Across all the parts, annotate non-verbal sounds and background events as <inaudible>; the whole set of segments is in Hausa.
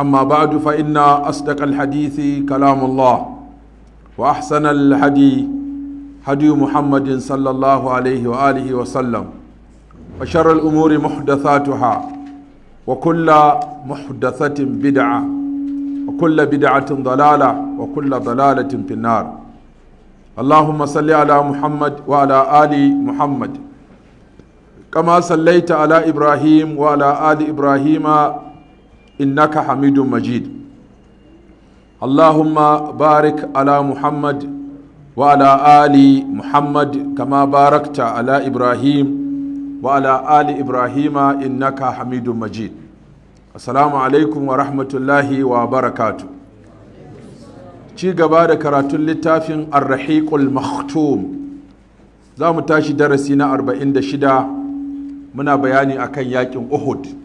أما بعد فإن أصدق الحديث كلام الله وأحسن الهدي هدي محمد صلى الله عليه وآله وسلم وشر الأمور محدثاتها وكل محدثة بدعة وكل بدعة ضلالة وكل ضلالة في النار اللهم صل على محمد وعلى آل محمد كما صليت على إبراهيم وعلى آل إبراهيم إنك حميد مجيد اللهم بارك على محمد وعلى آل محمد كما باركت على إبراهيم وعلى آل إبراهيم إنك حميد مجيد السلام عليكم ورحمة الله وبركاته ci gaba da karatun littafin arrahiqul maktum za mu tashi darasi na 46 muna bayani akan yakin uhud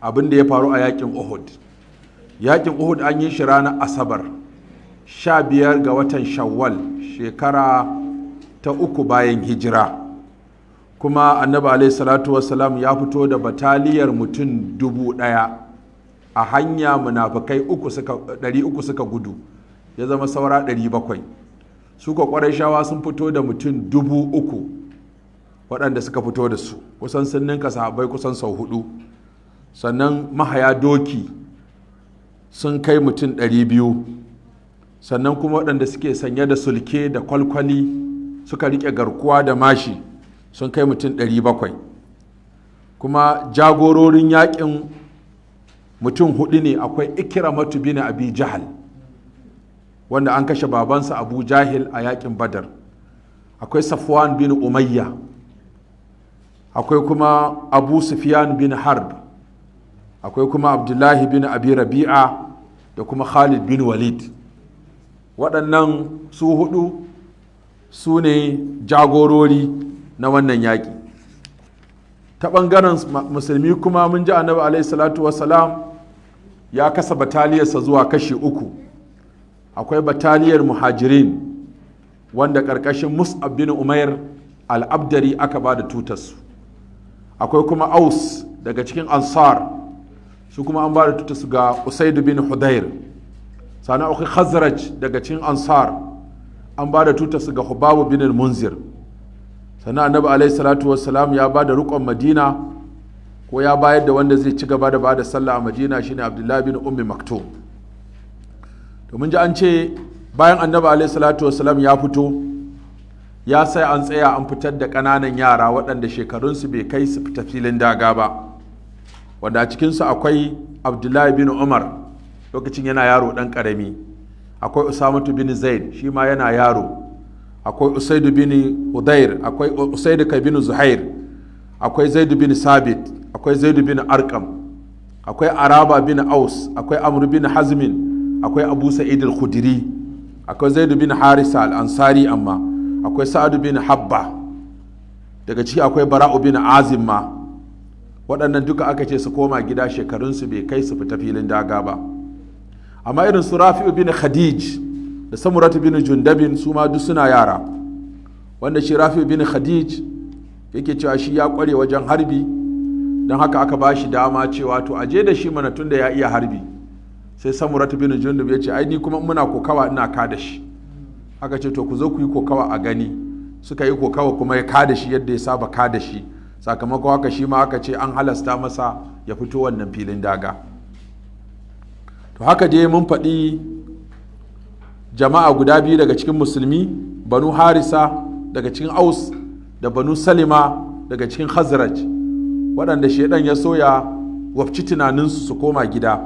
abin da ya faru a yakin uhud yakin uhud an yi shi ranar asabar sha biyar ga watan shawwal shekara ta uku bayan hijira kuma annabi alai salatu wasalam ya fito da bataliyar mutum dubu ɗaya a hanya munafukai ɗari uku suka gudu ya zama saura ɗari bakwai suka kwarai shawa sun fito da mutum dubu uku waɗanda suka fito da su kusan sun ninka sahabbai kusan sau hudu sannan mahaya doki sun kai mutum 200 sannan kuma waɗanda suke sanye da sulke da kwalkwali suka rike garkuwa da mashi sun kai mutum 700 kuma jagororin yaƙin mutum hudu ne akwai ikramatu bin abi jahal wanda an kashe babansa abu jahil a yaƙin badar akwai safwan bin umayya akwai kuma abu sufyan bin harb akwai kuma abdullahi bin abi rabi'a da kuma khalid bin walid waɗannan su hudu su ne jagorori na wannan yaƙi ta ɓangaren musulmi kuma mun ji annabi alaihi wasalam ya kasa bataliyarsa zuwa kashi uku akwai bataliyar muhajirin wanda ƙarƙashin mus'ab bin umair al'abdari aka ba da tutarsu akwai kuma aus daga cikin ansar shi kuma an ba da tuta su ga usaidu bin hudayr sana akwai khazraj daga cikin ansar an ba da tuta su ga hubabu bin munzir sannan annabi alaihi salatu wassalam ya ba da rukon madina ko ya bayar da wanda zai ci gaba da ba da sallah a madina shine abdullahi bin ummi maktum to ji an ce bayan annabi alaihi salatu wassalam ya fito ya sai an tsaya an fitar da ƙananan yara waɗanda shekarunsu bai kai su fita filin daga ba wanda a cikinsu akwai abdullahi bin umar lokacin yana yaro ɗan ƙarami akwai usamatu bin zaid shi ma yana yaro akwai usaidu bin udair akwai usaidu kai bin zuhair akwai zaidu bin sabit akwai zaidu bin arkam akwai araba bin aus akwai amr bin hazmin akwai abu sa'id al-khudri akwai zaidu bin harisa al-ansari amma akwai sa'adu bin habba daga ciki akwai bara'u bin azim waɗannan duka aka ce su koma gida shekarunsu bai kai su fita filin daga ba amma irin su rafi'u bin khadij da samuratu bin jundabin su ma duk suna yara wanda shi rafi'u bin khadij yake cewa shi ya kware wajen harbi don haka aka ba shi dama cewa to aje da shi mana tunda ya iya harbi sai samuratu bin jundab ya ce ai ni kuma muna kokawa ina ka da shi aka ce to ku zo ku yi kokawa a gani suka yi kokawa kuma ya ka da shi yadda ya saba ka da shi sakamakon haka shi ma aka ce an halasta masa ya fito wannan filin daga to haka dai mun faɗi jama'a guda biyu daga cikin musulmi banu harisa daga cikin aus da banu salima daga cikin hazraj waɗanda shaidan ya soya wafci tunaninsu su koma gida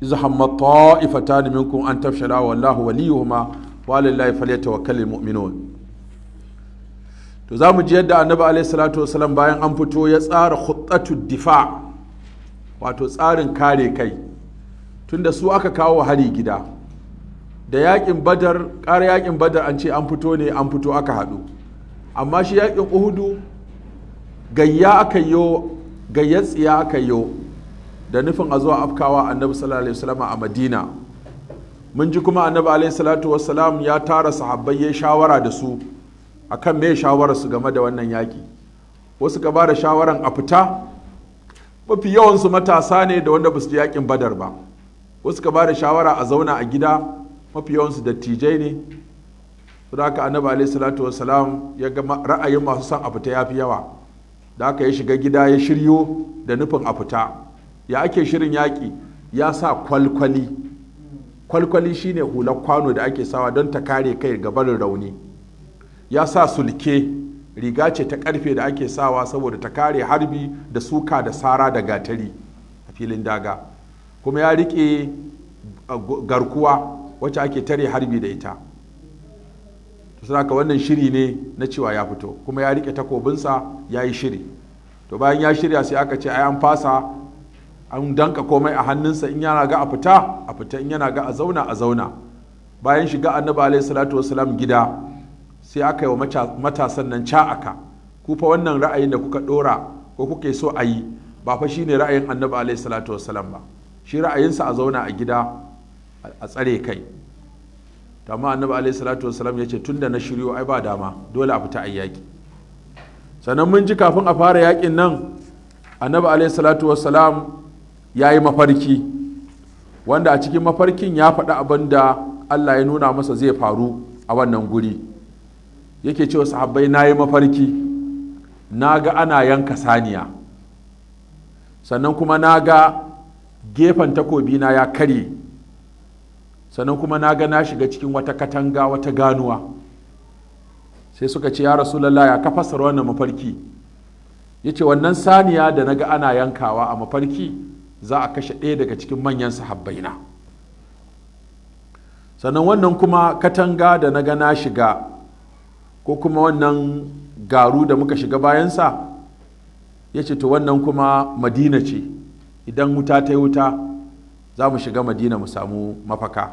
izu hamma ta'ifatan minkum an tafshala wallahu waliyuhuma walillahi falyatawakkalul mu'minun to za mu ji yadda annabi alaihi salatu wasalam bayan an fito ya tsara khuttatu difa wato tsarin kare kai tunda su aka kawo hari gida da yakin badar ƙara yakin badar an ce an fito ne an fito aka haɗu amma shi yakin uhudu gayya aka yo gayyar tsiya aka yo da nufin a zuwa afkawa annabi sallallahu alaihi wasallam a madina mun ji kuma annabi alaihi salatu wasalam ya tara sahabbai ya shawara da su akan me su game da wannan yaƙi wasu ka ba da shawaran a fita mafi yawansu matasa ne da wanda ba su yaƙin badar ba wasu ka ba da shawara a zauna a gida mafi yawansu dattijai ne su da aka annaba alai salatu wasalam ya ga ra'ayin masu son a fita ya fi yawa da aka ya shiga gida ya shiryo da nufin a fita ya ake shirin yaƙi ya sa kwalkwali kwalkwali shine hular kwano da ake sawa don ta kare kai gabar rauni ya sa sulke riga ce ta karfe da ake sawa saboda ta kare harbi da suka da sara da gatari a filin daga kuma ya rike garkuwa wacce ake tare harbi da ita saboda wannan shiri ne na cewa ya fito kuma ya rike takobinsa ya yi shiri to bayan ya shirya sai aka ce ai an fasa an danka komai a hannunsa in yana ga a fita a fita in yana ga a zauna a zauna bayan shiga annabi alaihi salatu wasalam gida sai aka yi wa matasan nan ca'aka ku fa wannan ra'ayin da kuka dora ko kuke so a yi ba fa ne ra'ayin annabi alaihi salatu wassalam ba shi ra'ayinsa a zauna a gida a tsare kai to amma annabi alaihi salatu wassalam ya ce tunda na shiryo ai ba dama dole a fita ayyaki sannan mun ji kafin a fara yakin nan annabi alaihi salatu wassalam ya yi mafarki wanda a cikin mafarkin ya faɗi abin da allah ya nuna masa zai faru a wannan guri yake cewa sahabbai na yi mafarki na ga ana yanka saniya sannan kuma na ga gefen takobina ya karye sannan kuma na ga na shiga cikin wata katanga wata ganuwa sai suka ce ya rasulallah ya ka fassara wannan mafarki ya ce wannan saniya da na ga ana yankawa a mafarki za a kashe ɗaya daga cikin manyan sahabbaina sannan wannan kuma katanga da na ga na shiga ko kuma wannan garu da muka shiga bayansa ya ce to wannan kuma madina ce idan wuta ta yi wuta za mu shiga madina mu samu mafaka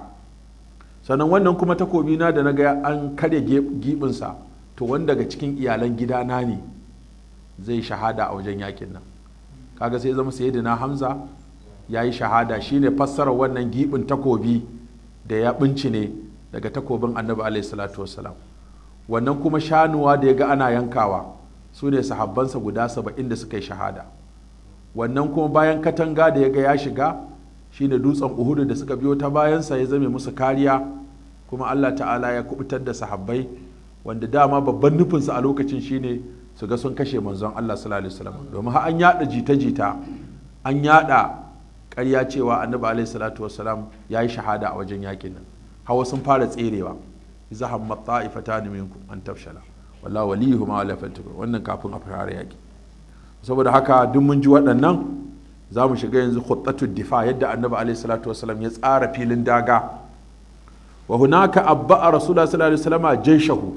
sannan wannan kuma takobina da na ga an karya gibinsa to wanda daga cikin iyalan gidana ne zai shahada a wajen yakin nan kaga sai zama sai na hamza ya yi shahada Shi ne fassarar wannan gibin takobi da ya binci ne daga takobin annabi alaihi salatu wassalam wannan kuma shanuwa da ya ga ana yankawa su ne sahabbansa guda saba'in da suka yi shahada wannan kuma bayan katanga da ya ga ya shiga shine dutsen uhudu da suka biyo ta bayansa ya zame musu kariya kuma allah ta'ala ya kubutar da sahabbai wanda dama babban nufinsu a lokacin shine su ga sun kashe manzon allah sallallahu domin har an yada jita-jita an yada karya cewa annabi alaihi salatu wasalam ya yi shahada a wajen yakin nan hawa sun fara tserewa iza hamma ta'ifatan minkum an tafshala Wala wallahu waliyuhuma wala faltakum wannan kafin a fara yaki saboda haka duk mun ji waɗannan za mu shiga yanzu khuttatud difa yadda annabi alaihi salatu wasallam ya tsara filin daga wa hunaka abba rasulullah sallallahu alaihi wasallam jayshahu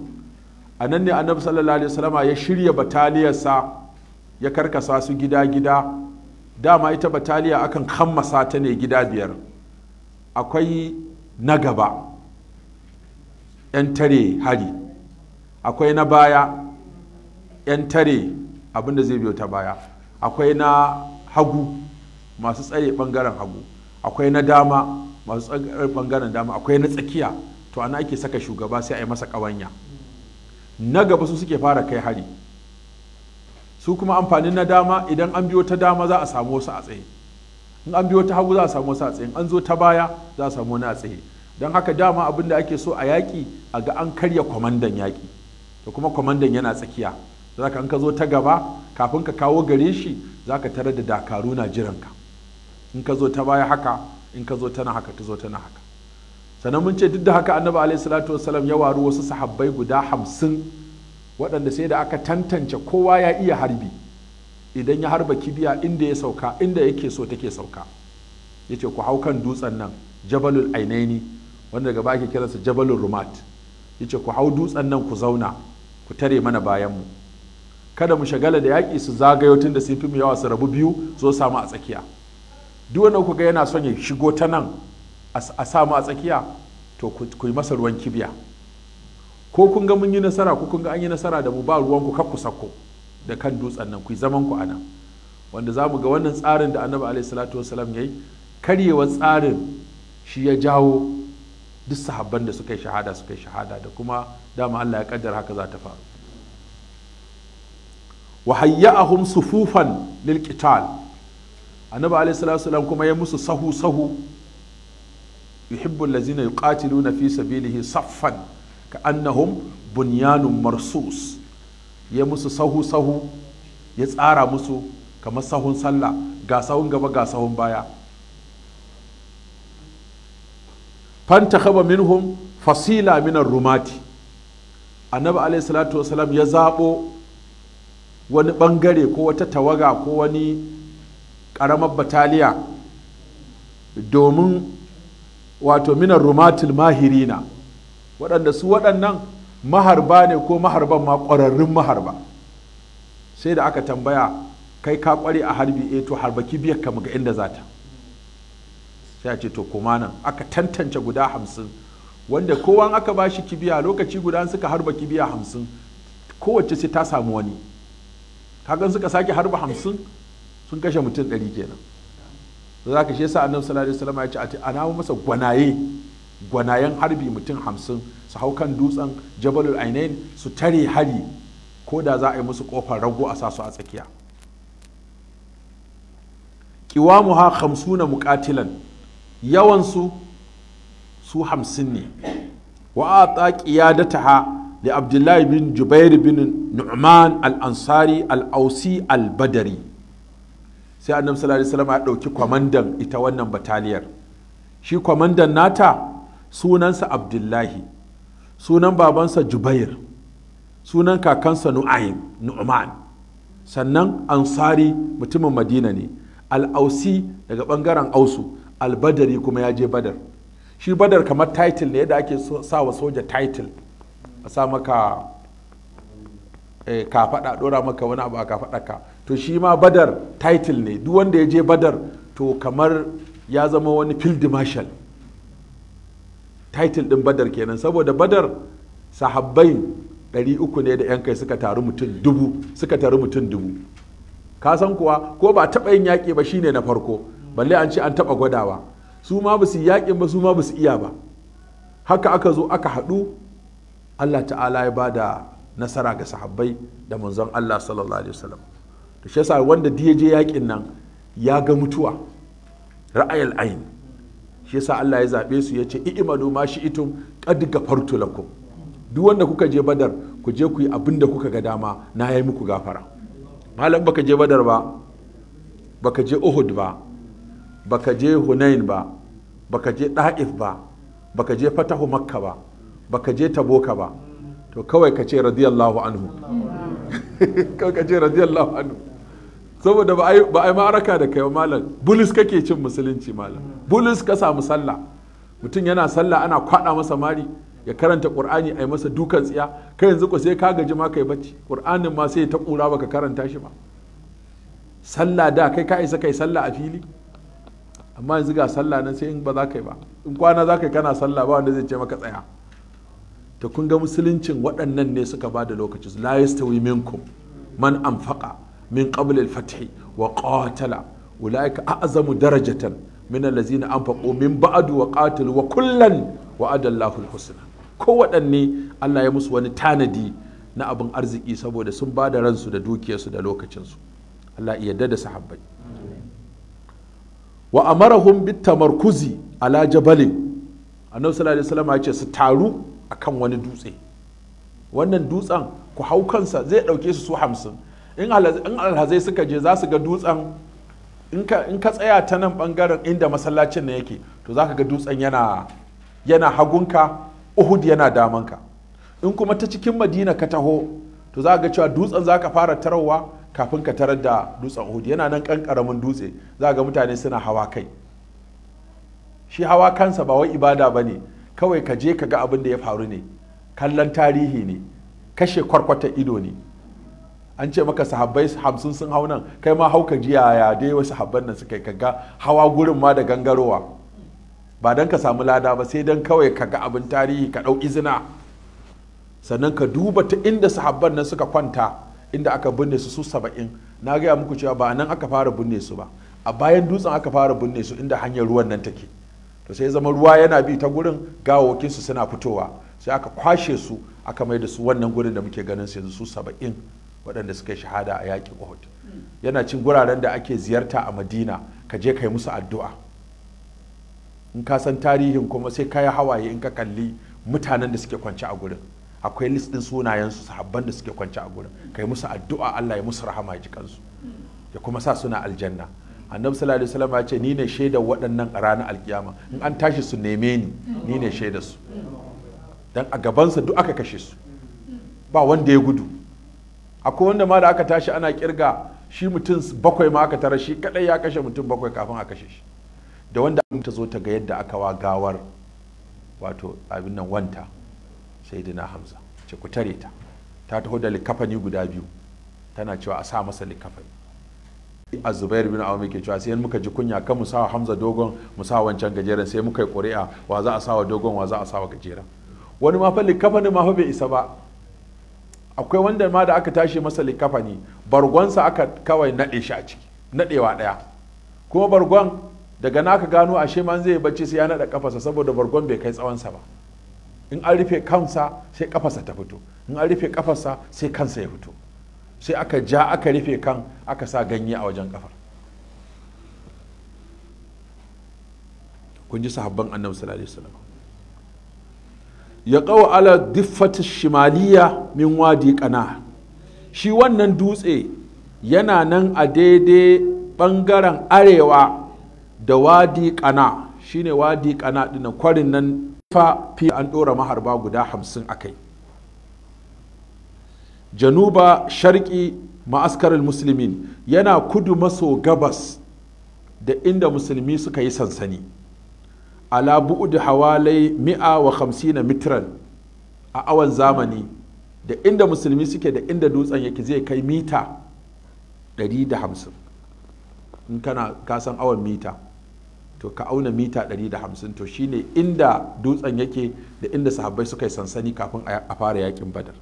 anan ne annabi sallallahu alaihi wasallam ya shirya bataliyarsa ya karkasa su gida gida dama ita bataliya akan kammasa ta ne gida biyar akwai na gaba 'yan tare hari akwai na baya 'yan tare abinda zai biyo ta baya akwai na hagu masu tsare bangaren hagu akwai na dama masu tsare bangaren dama akwai na tsakiya to ana ake saka shugaba sai a yi masa ƙawanya na gaba su suke fara kai hari su kuma amfanin na dama idan an biyo ta dama za a samu wasu a tsaye in an biyo ta hagu za a samu wasu a tsaye in an zo ta baya za a samu wani a tsaye don haka dama abin da ake so a yaƙi a ga an karya kwamandan yaƙi to kuma kwamandan yana tsakiya za ka an ka zo ta gaba kafin ka kawo gare shi za ka tare da dakaru na jiranka in ka zo ta baya haka in ka zo tana haka ta zo tana haka sannan mun ce duk da haka annabi alaihi salatu wasalam ya waru wasu sahabbai guda hamsin waɗanda sai da aka tantance kowa ya iya harbi idan ya harba kibiya inda ya sauka inda yake so take sauka yace ku hau kan dutsen nan jabalul ainaini wanda gaba ake kiransa jabalin rumat ce ku hau dutsen nan ku zauna ku tare mana bayan mu kada mu shagala da yaƙi su zagayo tun da sun fi mu yawa su rabu biyu zo samu a tsakiya duk wanda ku ga yana son ya shigo ta nan a samu a tsakiya to ku yi masa ruwan kibiya ko kun ga mun yi nasara ko kun ga an yi nasara da mu ba ruwan ku kakku sako da kan dutsen nan ku yi zaman ku anan wanda za mu ga wannan tsarin da annabi alaihi salatu wasalam ya yi karyewar tsarin shi ya jawo duk sahabban da suka yi shahada suka yi shahada da kuma dama Allah ya kaddara haka za ta faru wa hayya'ahum sufufan lil qital annabi alayhi salatu kuma ya musu sahu sahu yuhibbu allazina yuqatiluna fi sabilihi saffan ka annahum bunyanun marsus ya musu sahu sahu ya tsara musu kamar sahun sallah ga sahun gaba ga sahun baya kaba minhum fasila minan rumati annabi alaihi salatu wasalam ya zaɓo wani ɓangare ko wata tawaga ko wani ƙaramar bataliya domin wato minar rumatul mahirina waɗanda su waɗannan maharba ne ko maharban ma ƙwararrun maharba sai da aka tambaya kai ka ƙware a harbi eto eh, harbaki biyar kama ga inda za ta sai a ce to koma nan aka tantance guda hamsin wanda kowa aka ba shi kibiya lokaci guda suka harba kibiya hamsin kowace sai ta samu wani kagan suka sake harba hamsin sun kashe mutum ɗari kenan da za ka shi yasa annabi sallallahu alaihi wasallam ya ce a ana masa gwanaye gwanayen harbi mutum hamsin su hau kan dutsen jabalul ainain su tare hari ko da za a yi musu kofar rago a sasu a tsakiya kiwamu kiwamuha khamsuna mukatilan. yawansu su hamsin ne wa a ya da taha da abdullahi bin jubair bin nu'man al-ansari al-ausi badari sai annabi sallallahu alaihi ya ɗauki kwamandan ita wannan bataliyar shi kwamandan nata sunansa abdullahi sunan babansa jubair sunan kakansa nu'ayin nu'man sannan ansari mutumin madina ne al'ausi daga ɓangaren ausu albadari kuma ya je badar shi badar kamar title ne yadda ake sa wa soja title a sa maka eh, ka faɗa ɗora maka wani abu a ka ka to shi ma badar title ne duk wanda ya je badar to kamar ya zama wani field marshal title din badar kenan saboda badar sahabbai ɗari uku ne da yan kai suka taru mutum dubu suka taru mutum dubu ka san kuwa ko ba taɓa yin yaƙi ba shine na farko balle an ce an taɓa gwadawa su ma ba su yaƙin ba su ma ba su iya ba haka aka zo aka haɗu allah ta'ala ya ba da nasara ga sahabbai da manzon allah sallallahu alaihi wasallam to shi yasa wanda da je yaƙin nan ya ga mutuwa ra'ayal ayin shi yasa allah ya zaɓe su ya ce i'malu ma shi'itum qad gafartu lakum duk wanda kuka je badar ku je ku yi abin da kuka ga dama na yi muku gafara malam baka je badar ba baka je uhud ba baka je hunain ba baka je da'if ba baka je fatahu makka ba baka je taboka ba to kawai ka ce radiyallahu anhu <laughs> kawai ka ce radiyallahu anhu saboda ba a yi ma'araka da kai malam bulus kake cin musulunci malam bulus ka samu sallah mutum yana sallah ana kwada masa mari ya karanta qur'ani a yi masa dukan tsiya kai yanzu ko sai ka gaji ma kai bacci qur'anin ma sai ta kura baka karanta shi ba sallah da kai ka isa kai sallah a fili amma yanzu ga sallah nan sai in ba za ka yi ba in kwana za ka yi kana sallah ba wanda zai ce maka tsaya ta kun ga musuluncin waɗannan ne suka ba da lokaci la yastawi minkum man anfaqa min qabl al-fath wa qatala ulaika a'zamu darajatan min allazina anfaqu min ba'du wa qatalu wa kullan wa'ada Allahu al-husna ko waɗanne Allah ya musu wani tanadi na abin arziki saboda sun ba da ransu da dukiyarsu da lokacinsu Allah yarda da sahabbai wa amarahum bit tamarkuzi ala jabalin annabi sallallahu alaihi wasallam ya ce su taru akan wani dutse wannan dutsen ku hau kansa zai dauke su su hamsin in alhazai suka je za su ga dutsen in ka tsaya ta nan bangaren inda masallacin ne yake to za ka ga dutsen yana yana hagunka uhud yana damanka in kuma ta cikin madina ka taho to za ga cewa dutsen za ka fara tarawa kafin ka tarar da dutsen uhud yana nan kan karamin dutse za ga mutane suna hawa kai shi hawa kansa ba wai ibada ba ne kawai ka je ka ga abin da ya faru ne kallon tarihi ne kashe kwarkwata ido ne an ce maka sahabbai hamsin sun hau nan kai ma hau ka ji yaya dai wasu habban nan suka ka ga hawa gurin ma da gangarowa ba don ka samu lada ba sai don kawai ka ga abin tarihi ka ɗau izina sannan ka duba ta inda sahabban nan suka kwanta inda aka binne su su saba'in na gaya muku cewa ba nan aka fara binne su ba a bayan dutsen aka fara binne su inda hanyar ruwan nan take to sai zama ruwa yana bi ta gurin gawawakin su suna fitowa sai aka kwashe su aka mai da su wannan gurin da muke ganin su su saba'in waɗanda suka shahada a yaƙin Uhud yana cin guraren da ake ziyarta a Madina ka je ka musu addu'a in ka san tarihin kuma sai ka yi hawaye in ka kalli mutanen da suke kwance a gurin akwai list din sunayensu sahabban da suke kwance a gurin kai musu addu'a Allah ya musu rahama ji kansu ya kuma sa suna aljanna annabi sallallahu alaihi wasallam ya ce ni ne shaidar waɗannan a ranar alkiyama in an tashi su neme ni ni ne shaidar su dan a gabansa duk aka kashe su ba wanda ya gudu akwai wanda ma da aka tashi ana kirga shi mutum bakwai ma aka tara shi kadai ya kashe mutum bakwai kafin a kashe shi da wanda ta zo ta ga yadda aka wa gawar wato abin nan wanta Saidina hamza ce ku tare ta ta taho da likafani guda biyu tana cewa a sa masa likafani a zubair bin awam yake cewa sai muka ji kunya kan mu sawa hamza dogon mu sa wancan gajeren sai muka yi ƙuri'a wa za a sawa dogon wa za a sawa gajeren wani ma fa likafani ma bai isa ba akwai wanda ma da aka tashi masa likafani bargonsa aka kawai naɗe shi a ciki naɗewa ɗaya kuma bargon daga naka gano ashe man zai bacci sai ya naɗa kafasa saboda bargon bai kai tsawonsa ba in an rufe kansa sai kafarsa ta fito in an rufe kafarsa sai kansa ya fito sai aka ja aka rufe kan aka sa ganye a wajen kafar kun ji sahabban annabi sallallahu alaihi wasallam ya kawo ala diffati shimaliya min wadi kana shi wannan dutse yana nan a daidai bangaren arewa da wadi kana shine wadi kana dinan kwarin nan fa fi an ɗora maharba guda hamsin a kai januba sharki ma'askarar musulmin yana kudu maso gabas da inda musulmi suka yi sansani ala bu'udu hawalai mi'a wa hamsina mitran a awan zamani da inda musulmi suke da inda dutsen yake zai kai mita 150 in kana kasan awan mita to ka auna mita 150 to shine inda dutsen yake da inda sahabbai suka yi sansani kafin a fara yakin badar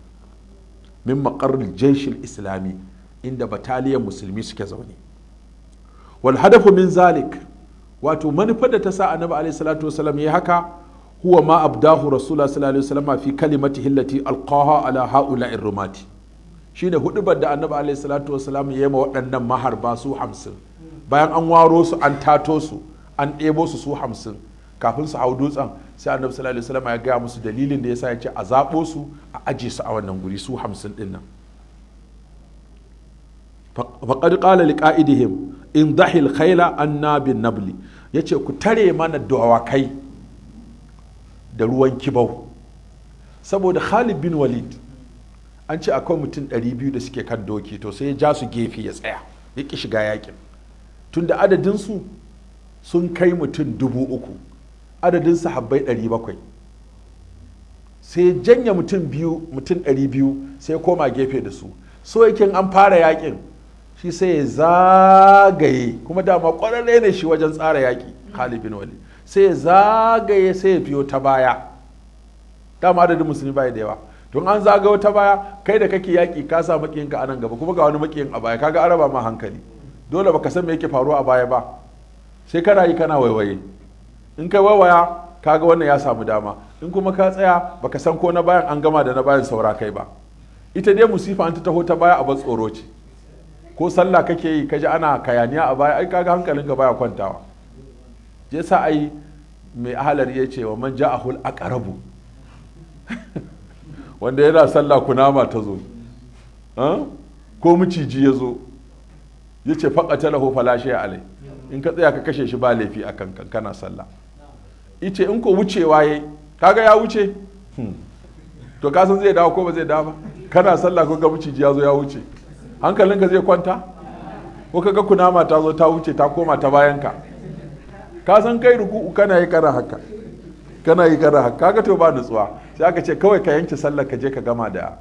min maƙarar jeshin islami inda bataliyan musulmi suke zaune wal hadafu min zalik wato manufar da ta sa annabi alaihi salatu wasallam haka huwa ma abdahu rasulullah sallallahu alaihi wasallam fi kalimati hillati alqaha ala haula'ir rumati shine hudubar da annabi alaihi salatu wasallam ya yi ma waɗannan maharba su hamsin bayan an waro su an tato su an ɗebo su su hamsin kafin su hau dutsen sai annabi sallallahu alaihi wasallam ya gaya musu dalilin da yasa ya ce a zaɓo su a aje su a wannan guri su hamsin din nan faƙad qala liqa'idihim in dahil khaila anna bin nabli ya ce ku tare mana dawakai da ruwan kibau saboda khalid bin walid an ce akwai mutum 200 da suke kan doki to sai ya ja su gefe ya tsaya ya ki shiga yakin tunda su sun kai mutum dubu uku adadin sahabbai ɗari bakwai sai janya mutum biyu mutum ɗari biyu sai koma gefe da su so yakin an fara yakin shi sai ya zagaye kuma dama ƙwararre ne shi wajen tsara yaki. Khalid bin Wali. sai ya zagaye sai ya biyo ta baya dama adadin musulmi bai da yawa Tun an zagayo ta baya kai da kake yaƙi ka sa makiyinka a nan gaba kuma ga wani makiyin a baya kaga araba ma hankali dole baka san me yake faruwa a baya ba sai kana yi kana waiwaye in kai waiwaya ga wannan ya samu dama in kuma ka tsaya baka san ko na bayan an gama da na bayan saura kai ba ita dai musifa an ta taho ta baya a bar tsoro ce ko sallah kake yi kaji ana kayaniya a baya ai kaga hankalinka baya kwantawa je sa ai mai ahalar ya ce wa man ja'ahul aqrabu <laughs> wanda yana sallah kunama ta zo ko miciji ya zo ya ce faƙa talahu falashe alai in ka tsaya ka kashe shi ba laifi a kan kana sallah Ita in ko wucewa ya kaga ya wuce hmm. to ka san zai dawo ko ba zai dawo ba kana sallah ko ga wuce ya zo ya wuce hankalinka zai kwanta ko kaga kunama ta zo ta wuce ta koma ta bayan ka ka san kai ruku'u kana yi kana haka kana yi kana haka kaga to ba nutsuwa sai aka ce kawai ka yanke sallar ka je ka gama da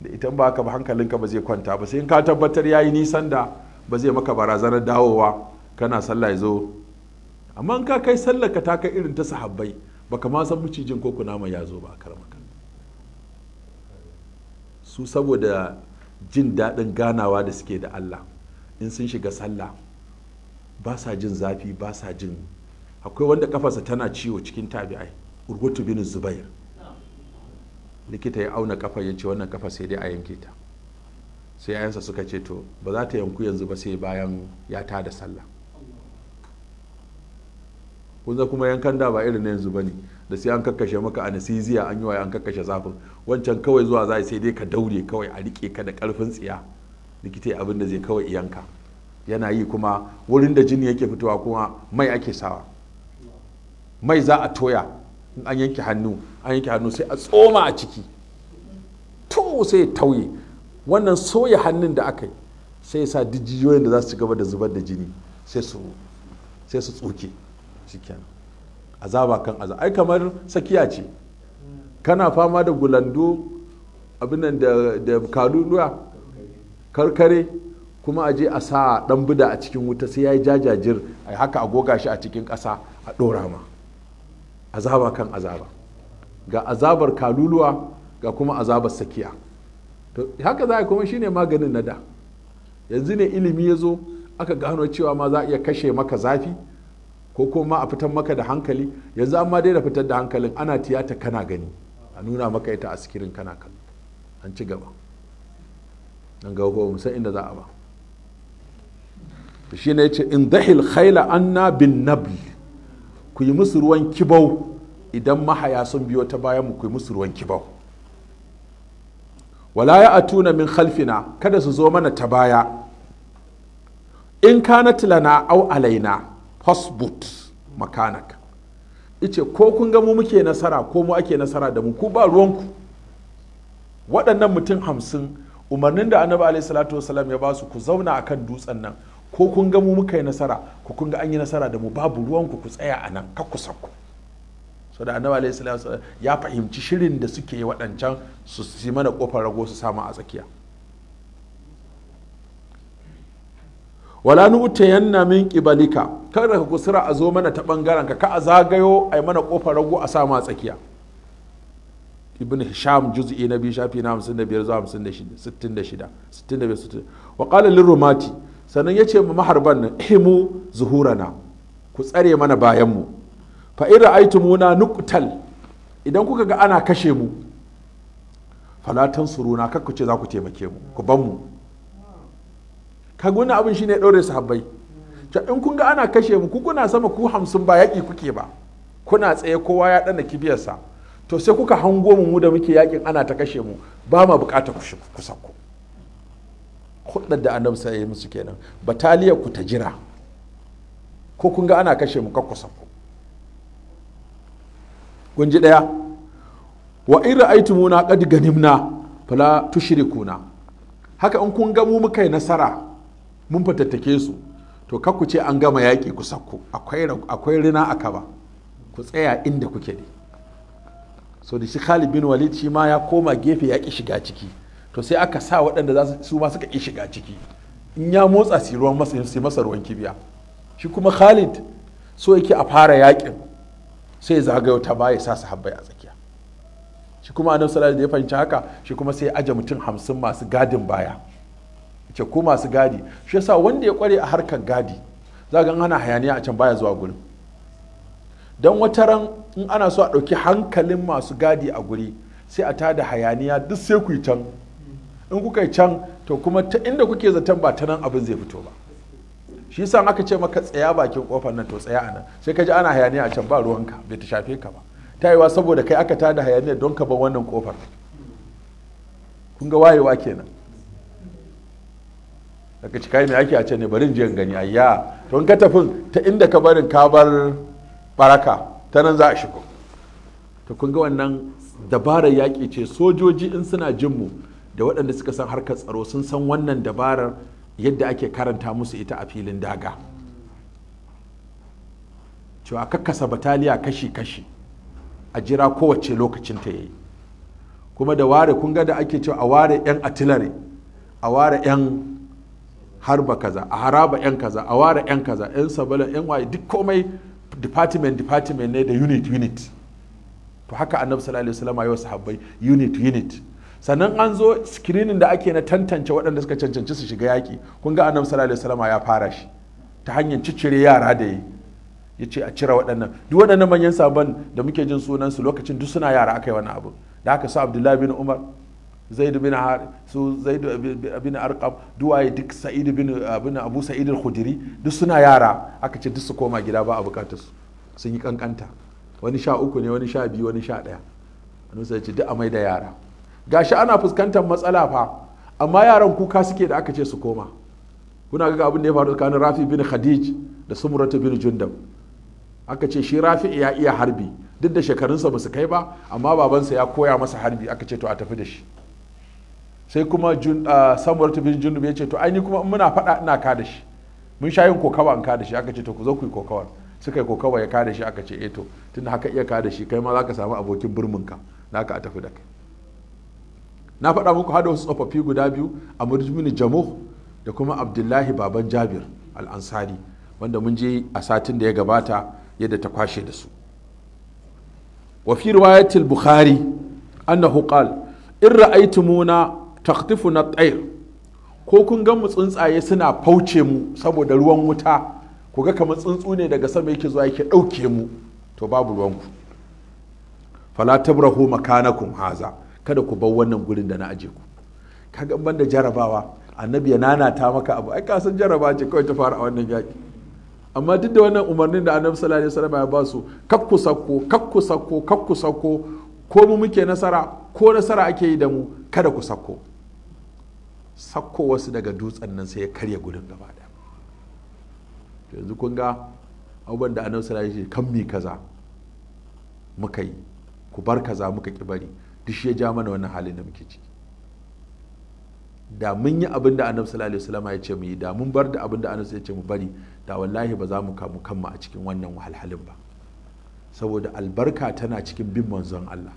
da Ita ba haka ba hankalinka ba zai kwanta ba sai in ka tabbatar yayi nisan da ba zai maka barazanar dawowa kana sallah ya zo amma in ka kai sallar ka ta kai irin ta sahabbai baka ma san macijin ko kunama ya zo ba a maka su saboda jin daɗin ganawa da suke da Allah in sun shiga sallah ba sa jin zafi ba sa jin akwai wanda kafarsa tana ciwo cikin tabi'ai urgutu bin zubair likita ya auna kafa ya ce wannan kafa sai dai a yanke ta sai ayansa suka ce to ba za ta yanku yanzu ba sai bayan ya tada sallah Kun za kuma yankan da ba irin na yanzu bane da sai an kakkashe maka anesthesia an yi wa an kakkashe zafin wancan kawai zuwa za sai dai ka daure kawai a rike ka da karfin tsiya likita abin da zai kawai yanka yana yi kuma wurin da jini yake fitowa kuma mai ake sawa mai za a toya in an yanke hannu an yanke hannu sai a tsoma a ciki to sai tauye wannan soya hannun da aka yi sai sa dijiyoyin da za su ci gaba da zubar da jini sai su tsoke shikenan azaba kan azaba ai kamar sakiya ce kana fama da gulandu abinan da da kaluluwa karkare kuma aje a sa dan buda a cikin wuta sai yayi jajajir ai haka agoga shi a cikin ƙasa a dora ma azaba kan azaba ga azabar kaluluwa ga kuma azabar sakiya to haka za a kuma shine maganin na da yanzu ne ilimi ya zo aka gano cewa ma za a iya kashe maka zafi ko kuma a fitar maka da hankali yanzu amma dai da fitar da hankalin ana tiyata kana gani a nuna maka ita a sikirin kana kallo an ci gaba an ga ko musan inda za a ba shi ne ce in dahil khaila anna bin nabl ku yi musu ruwan kibau idan mahaya sun biyo ta bayan mu ku yi musu ruwan kibau wala ya atuna min khalfina kada su zo mana ta baya in na tilana au alaina hasbut makanaka ice ko kun ga mu muke nasara ko mu ake nasara da mu ku ba ruwanku waɗannan mutum hamsin umarnin da annabi alayhi salatu wasalam ya ba su ku zauna a kan dutsen nan ko kun ga mu muka yi nasara ku kun ga an yi nasara da mu babu ruwanku ku tsaya a nan kak ku so da annabi alayhi salatu wasalam ya fahimci shirin da suke yi waɗancan su si mana kofar rago su samu a tsakiya wala nu'tayanna min qibalika kada ka kusura a zo mana ta bangaren ka ka a zagayo a mana kofar rago a sama tsakiya ibn hisham juz'i na biyu shafi na 55 zuwa 56 65 wa qala lirumati sannan yace mu maharban nan himu zuhurana ku tsare mana bayan mu fa in ra'aytumuna nuqtal idan kuka ga ana kashe mu falatan suruna kakku ce za ku taimake mu ku ban mu kaga abin shine ya daure sahabbai ta in kun ga ana kashe mu ku kuna sama ku hamsin ba yaƙi kuke ba kuna tsaye kowa ya ɗana kibiyarsa to sai kuka hango mu da muke yaƙin ana ta kashe mu ba ma buƙatar ku ku. hudar da annabi sai musu kenan bataliya ku ta jira ko kun ga ana kashe mu kakku ku. kun ji ɗaya wa in ra'aytumuna qad ganimna fala tushrikuna haka in kun ga mu muka yi nasara mun fatattake su to ku ce an gama yaƙi ku sakku akwai rina a kaba ku tsaya inda kuke ne so da shi khalid bin walid shi ma ya koma gefe ya ƙi shiga ciki to sai aka sa waɗanda za su ma suka ƙi shiga ciki in ya motsa si ruwan masa masa ruwan kibiya shi kuma khalid so yake a fara yaƙin sai zagayo ta baya sa su habbai a tsakiya shi kuma annabi sallallahu alaihi da ya fahimci haka shi kuma sai ya aje mutum hamsin masu gadin baya ce ko masu gadi shi yasa wanda ya kware a harkar gadi za ga ana hayaniya a can baya zuwa guri. don wata ran in ana so a ɗauki hankalin masu gadi a guri sai a tada hayaniya duk sai ku yi can in kuka yi can to kuma ta inda kuke zaton ba ta nan abin zai fito ba shi yasa aka ce maka tsaya bakin kofar nan to tsaya a nan sai ka ji ana hayaniya a can ba ruwanka bai ta shafe ka ba ta yiwa saboda kai aka tada hayaniya don ka bar wannan kofar kun ga wayewa kenan daga cikai mai ake a ce ne barin jiyan gani ayya to in ka tafin ta inda ka barin ka baraka ta nan za a shigo ta kun ga wannan dabarar yaƙi ce sojoji in suna jin mu da waɗanda suka san harkar tsaro sun san wannan dabarar yadda ake karanta musu ita a filin daga cewa kakkasa bataliya kashi-kashi a jira kowace lokacin ta yi. kuma da ware kun ga da ake cewa a ware 'yan atilare a ware 'yan harba kaza a haraba yan kaza a ware yan kaza yan sabala yan waye duk komai department department ne da unit unit to haka annabi sallallahu alaihi wasallam ya sahabbai unit unit sannan an zo screening da ake na tantance waɗanda suka cancanci su shiga yaki kun ga annabi sallallahu alaihi wasallam ya fara shi ta hanyar ciccire yara da yi ya ce a cire waɗannan duk waɗannan manyan sabon da muke jin sunansu lokacin duk suna yara aka yi wani abu da aka sa abdullahi bin umar zaid bin su zaid bin arqab duwaye duk Sa'idu bin abin abu Sa'idu al duk suna yara aka ce duk su koma gida ba a bukatar su sun yi kankanta wani sha uku ne wani sha biyu wani sha ɗaya wani sai ce duk a mai da yara Ga gashi ana fuskantar matsala fa amma yaran kuka suke da aka ce su koma kuna ga abin da ya faru tsakanin rafi bin khadij da sumratu bin jundab aka ce shi rafi ya iya harbi duk da shekarunsa ba su kai ba amma babansa ya koya masa harbi aka ce to a tafi da shi sai kuma ah, samuwar tafi junub ya ce to ai ni kuma muna faɗa ina ka shi mun sha yin kokawa in ka da shi aka ce to ku zo ku yi kokawa suka yi kokawa ya ka da shi aka ce eh to tun haka iya ka shi kai ma za ka samu abokin burminka na ka a tafi da kai na faɗa muku hada wasu tsofaffi guda biyu a murjimini jamuh da kuma abdullahi baban jabir al'ansari wanda mun je a satin da ya gabata yadda ta kwashe da su wa fi riwayatil bukhari annahu qala in ra'aytumuna taktifu na tsayir ko kun gan mu tsuntsaye suna fauce mu saboda ruwan wuta ku ga kamar tsuntsu ne daga sama yake zuwa yake ɗauke mu to babu ruwanku fala tabrahu makanakum haza kada ku bar wannan gurin da na aje ku kaga ban da jarabawa annabi ya nanata maka abu ai ka san jaraba ce kawai ta fara a wannan yaki amma duk da wannan umarnin da annabi sallallahu alaihi wasallam ya ba su kakku sako kakku sako kakku sako ko mu muke nasara ko nasara ake yi da mu kada ku sako." sakko wasu daga dutsen nan sai ya karya gudun gaba da yanzu kun ga abubuwan da annabi sallallahu alaihi kan mi kaza muka yi ku bar kaza muka ki bari duk shi ya ja mana wannan halin da muke ciki da mun yi abin da annabi sallallahu alaihi wasallam ya ce mu yi da mun bar da abin da annabi ya ce mu bari da wallahi ba za mu kamu kanmu a cikin wannan wahalhalin ba saboda albarka tana cikin bin manzon Allah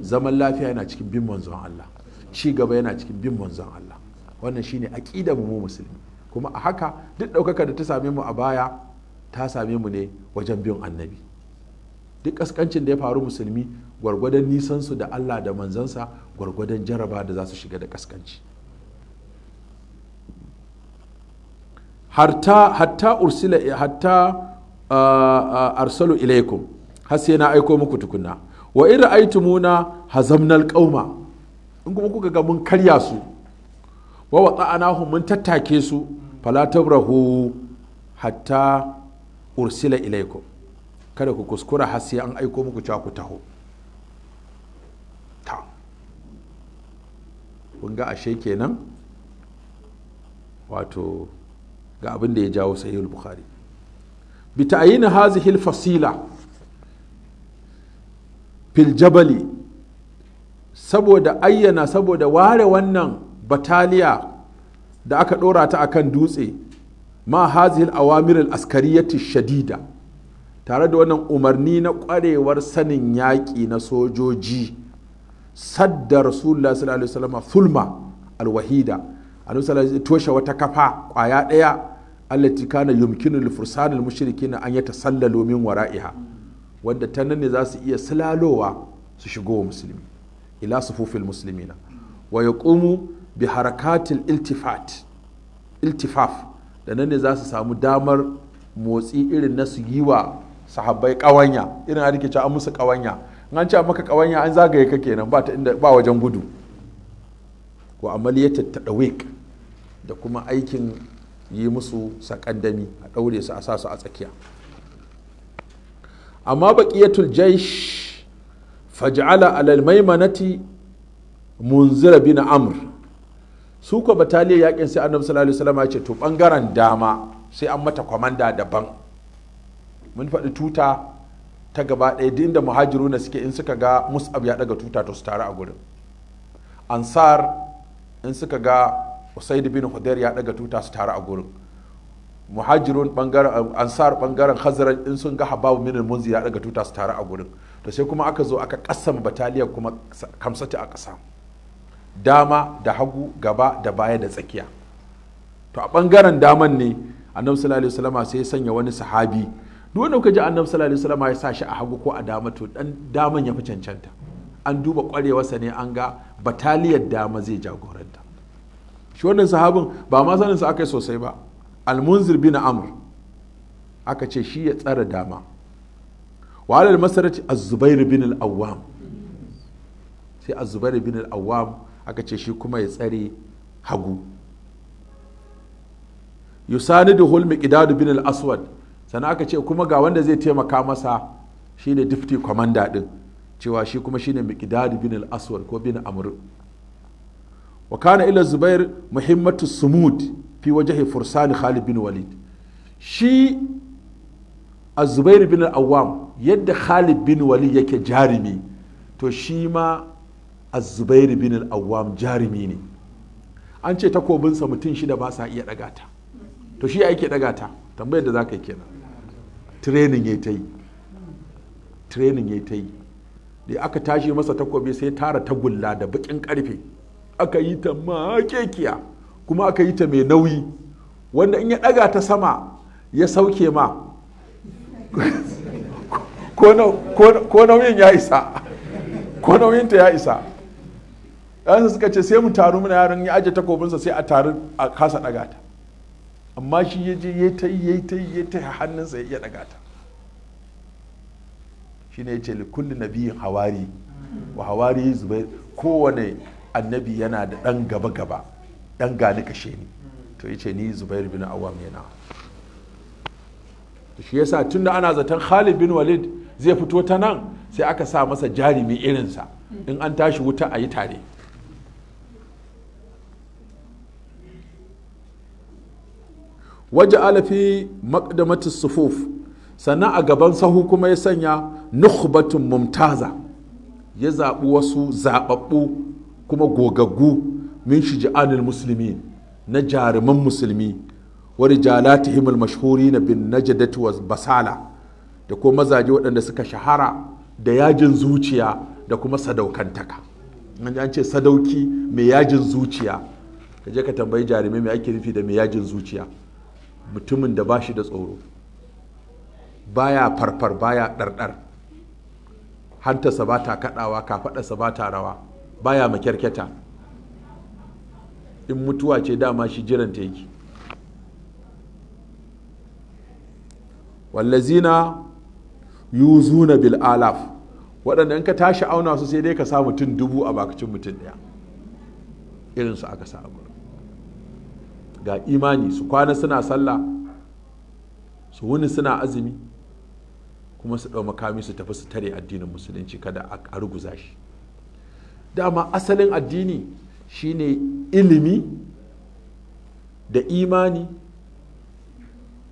zaman lafiya yana cikin bin manzon Allah ci gaba yana cikin bin manzon Allah wannan shine aqidar mu musulmi kuma a haka duk daukaka da ta same mu a baya ta same mu ne wajen bin annabi duk kaskancin da ya faru musulmi gwargwadon nisan su da Allah da manzansa gwargwadon jaraba da za su shiga da kaskanci hatta ursila hatta arsalu ilaikum har sai na aiko muku tukunna wa in ra'aytumuna hazamnal qauma in kuma kuka ga mun karya su wa wata'anahu mun tattake su fala hatta ursila ilaikum kada ku kuskura har sai an aiko muku cewa ku taho ta kun ga ashe kenan wato ga abin da ya jawo sahihul bukhari bi ta'yin hazihi al-fasila fil jabali saboda ayyana saboda ware wannan bataliya da aka ɗora ta akan dutse ma hazihil al askariyati shadida tare da wannan umarni na kwarewar sanin yaƙi na sojoji sadda rasulullah sallallahu alaihi wasallam fulma alwahida alaihi toshe wata kafa ƙwaya ɗaya allati kana yumkinu lil fursanil mushrikina an yatasallalu min wara'iha wanda ta nan ne za su iya sulalowa su shigo wa musulmi ila sufufil muslimina wa yaqumu bi harakatil iltifat iltifaf da nan ne za su samu damar motsi irin na su yi wa sahabbai kawanya irin ake cewa an musu kawanya an ce maka kawanya an zagaye ka kenan ba ta inda ba wajen gudu wa amaliyatat tadawik da kuma aikin yi musu sakandami a daure su a sa su a tsakiya amma baqiyatul jaish faj'ala alal maimanati munzira bin amr su ko bataliyar yakin sai annabi sallallahu alaihi wasallam ya ce to bangaren dama sai an mata kwamanda daban mun faɗi tuta ta gaba ɗaya duk inda muhajiruna suke in suka ga mus'ab ya daga tuta to su tare a gurin ansar in suka ga usaid bin hudair ya daga tuta su tare a gurin muhajirun bangaren ansar bangaren khazraj in sun ga hababu min munzi ya daga tuta su tare a gurin to sai kuma aka zo aka kassama bataliyar kuma kamsati a ƙasa dama da hagu gaba da baya da tsakiya to a ɓangaren daman ne annabi sallallahu alaihi wasallama sai ya sanya wani sahabi duk wanda kuka ji annabi sallallahu alaihi wasallama ya sa shi a hagu ko a dama to dan daman ya fi cancanta an duba sa ne an ga bataliyar dama zai jagoranta shi wannan sahabin ba ma sanin sa aka yi sosai ba almunzir bin amr aka ce shi ya tsara dama wa alal masarati az-zubair bin al-awwam sai az-zubair bin al-awwam aka ce shi kuma ya tsare hagu yusani da hulmi idadu bin al-aswad sannan aka ce kuma ga wanda zai taimaka masa shine difti kwamanda din cewa shi kuma shine miqdad bin al-aswad ko bin amur wa kana ila zubair muhimmatu sumud fi wajhi fursani khalid bin walid shi a zubair bin al-awwam yadda khalid bin walid yake jarumi to shi ma az-zubair bin al jarumi ne an ce takobinsa mutum shida ba sa iya dagata. to shi ake ɗaga tambayar da za ka yi kenan training ya yi training ya yi da aka tashi masa takobi sai tara tagulla da bakin karfe aka yi ta kekiya. kuma aka yi ta mai nauyi wanda in ya ɗaga ta sama ya sauke ma <laughs> ko nauyin ya isa ko nauyinta ya isa yanzu suka ce sai mu taru muna yaron ya aje takobinsa sai a taru a kasa daga ta amma shi ya je ya ta ya ta ya ta hannunsa ya iya daga ta shine ya ce kulli nabiyyin hawari wa hawari zubai kowane annabi yana da dan gaba gaba dan gani kashe ni to ce ni zubair bin awam yana shi yasa tunda ana zaton Khalid bin Walid zai fito ta nan sai aka sa masa jarumi irinsa in an tashi wuta a yi tare waje alafi maƙadamati sufuf sannan a gaban sahu kuma ya sanya nukhbatun mumtaza ya zaɓi wasu zaɓaɓɓu kuma gogaggu min shiji'anil musulmi na jaruman musulmi Wani wa himal mashhuri na bin najdati wa basala da ko mazaje waɗanda suka shahara da yajin zuciya da kuma sadaukantaka an ce sadauki mai yajin zuciya ka je ka tambayi jarumi mai ake nufi da mai yajin zuciya mutumin da ba shi da tsoro baya farfar baya ɗarɗar hantarsa ba ta kaɗawa kafaɗarsa ba ta rawa baya makyarkyata in mutuwa ce dama shi jiran jiranta yake wallazina yuzuna bil alaf waɗanda in ka tashi auna su sai dai ka sa mutum dubu a bakacin mutum ɗaya irinsu aka sa ga imani su kwana suna sallah su wuni suna azumi kuma su ɗau makami su tafi su tare addinin musulunci kada a ruguza shi dama asalin addini shine ilimi da imani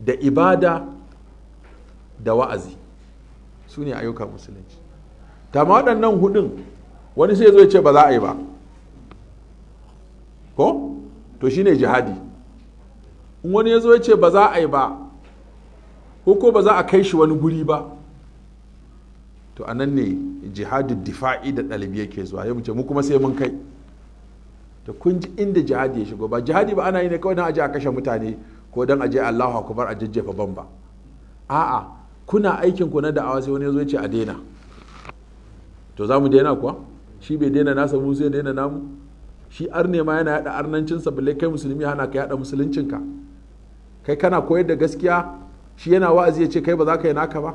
da ibada da wa'azi su ne ayyukan musulunci ma waɗannan hudun wani sai zo ya ce ba za a yi ba ko to shine jihadi wani ya zo ya ce ba za a yi ba ko ko ba za a kai shi wani guri ba to a nan ne jihadu difa'i da ɗalibi yake zuwa ya mu kuma sai mun kai to kun ji inda jihadi ya shigo ba jihadi ba ana yi ne kawai don aje a kashe mutane ko don aje allahu akbar a jajjefa ban ba a'a kuna aikin ku na da'awa sai wani ya zo ya ce a daina to za mu daina kuwa shi bai daina nasa mu sai daina namu shi arne ma yana yada arnancinsa balle kai musulmi hana ka yada musuluncinka kai kana koyar da gaskiya shi yana wa'azi ya ce kai ba za ka yi naka ba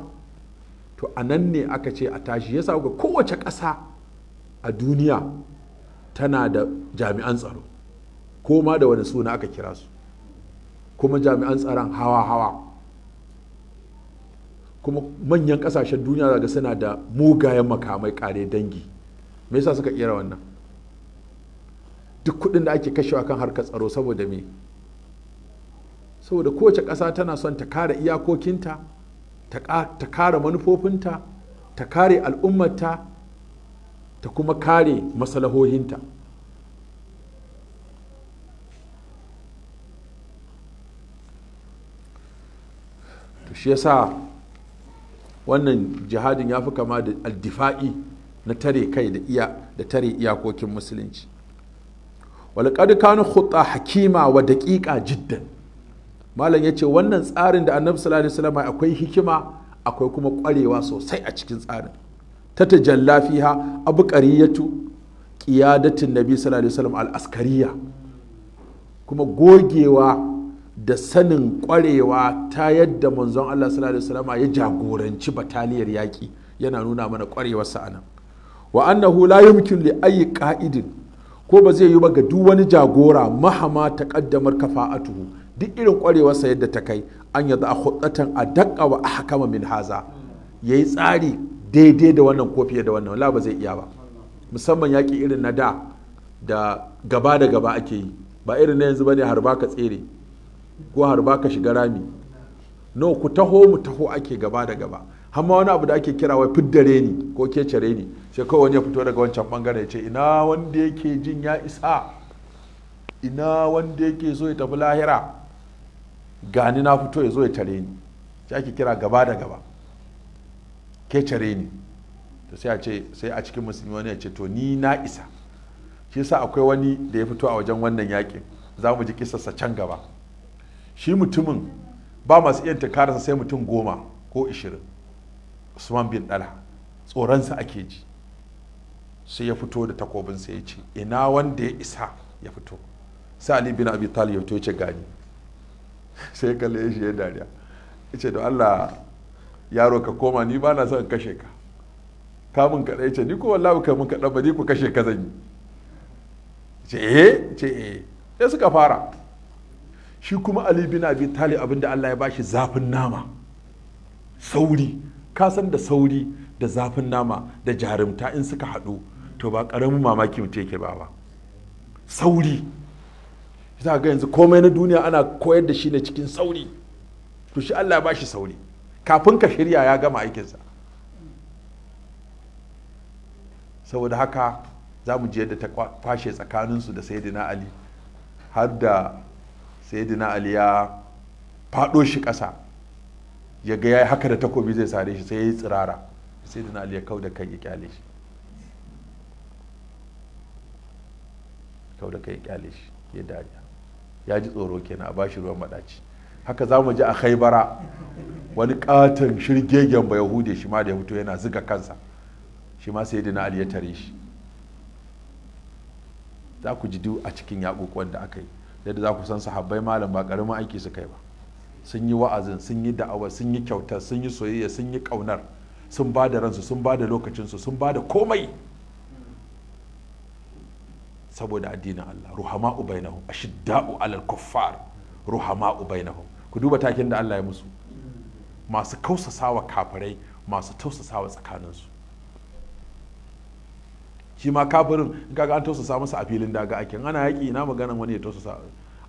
to a nan ne aka ce a tashi yasa ga kowace ƙasa a duniya tana da jami'an tsaro ko ma da wani suna aka kira su kuma jami'an tsaron hawa-hawa kuma manyan ƙasashen duniya daga suna da mugayen makamai kare dangi me yasa suka kera wannan duk kuɗin da ake kashewa kan harkar tsaro saboda me saboda kowace ƙasa tana son ta kare iyakokinta ta kare manufofinta ta kare al'ummata ta kuma kare masalahohinta shi yasa wannan jihadin ya fi kama da aldifa'i na tare kai da iya da tare iyakokin musulunci walƙad kanu khutta hakima wa daƙiƙa jiddan malam ya ce wannan tsarin da annabi sallallahu alaihi wasallam akwai hikima akwai kuma kwarewa sosai a cikin tsarin ta tajalla fiha abu qariyatu qiyadatin nabi sallallahu alaihi wasallam al askariya kuma gogewa da sanin kwarewa ta yadda manzon Allah sallallahu alaihi wasallam ya jagoranci bataliyar yaƙi yana nuna mana sa anan wa annahu la yumkin li ayi qa'idin ko ba zai yi ba ga duk wani jagora mahama taqaddamar kafa'atuhu duk irin kwarewarsa yadda ta kai an za a hudatan a daƙa wa a hakama min haza ya yi tsari daidai da wannan ko fiye da wannan wala ba zai iya ba musamman yaƙi irin na da da gaba da gaba ake yi ba irin na yanzu ba ne harba ka tsere ko harba ka shiga rami no ku taho mu taho ake gaba da gaba hamma wani abu da ake kira wai fiddare ni ko kecere ni sai kawai wani ya fito daga wancan bangare ya ce ina wanda yake jin ya isa ina wanda yake so ya tafi lahira gani na fito ya zo ya tare ni shi ake kira gaba da gaba ke tare ni to sai a ce sai a cikin musulmi wani ya ce to ni na isa shi sa akwai wani da ya fito a wajen wannan yakin za mu ji kisarsa can gaba shi mutumin ba masu iya takararsa sai mutum goma ko ishirin usman bin dala tsoronsa ake ji sai ya fito da takobinsa ya ce ina wanda ya isa ya fito sai ali bin abi talib ya fito ya ce gani sai ya kalle shi ya dariya ya ce Allah yaro ka koma ni ba na son kashe ka kamun kaɗa ya ce ni ko wallahi kai mun kaɗa ba ni ku kashe ka zan yi ce eh ce eh sai suka fara shi kuma Ali bin Abi Talib abinda Allah ya bashi zafin nama sauri ka san da sauri da zafin nama da jarumta in suka haɗu to ba ƙaramin mamaki mutum yake ba ba sauri ita ga yanzu komai na duniya ana koyar da shi ne cikin sauri to shi Allah ba shi sauri kafin ka shirya ya gama aikinsa saboda haka za mu je da ta kwashe tsakaninsu da sayyidina ali har da sayyidina ali ya faɗo shi ƙasa ya ga ya yi haka da takobi zai sare shi sai ya yi tsirara sayyidina ali ya kau da kai ya kyale shi kau da kai ya kyale shi ya dariya ya ji tsoro kenan a bashi ruwan madaci haka za mu ji a haibara wani katon shirgegen ba yahude shi ma da ya fito yana zuga kansa shi ma sai dina ali ya tare shi za ku ji duk a cikin yaƙuƙuwan da aka yi yadda za ku san sahabbai malam ba ƙaramin aiki su kai ba sun yi wa'azin sun yi da'awa sun yi kyautar sun yi soyayya sun yi ƙaunar sun ba da ransu sun ba da lokacinsu sun ba da komai saboda addinin Allah ruhama bainahum ashidda'u alal kuffar ruhama ubainahu ku duba takin da Allah ya musu masu kausasawa kafirai masu tausasawa tsakaninsu shi ma kafirin kaga an tausasa masa a filin daga akin ana yaki ina maganan wani ya tausasa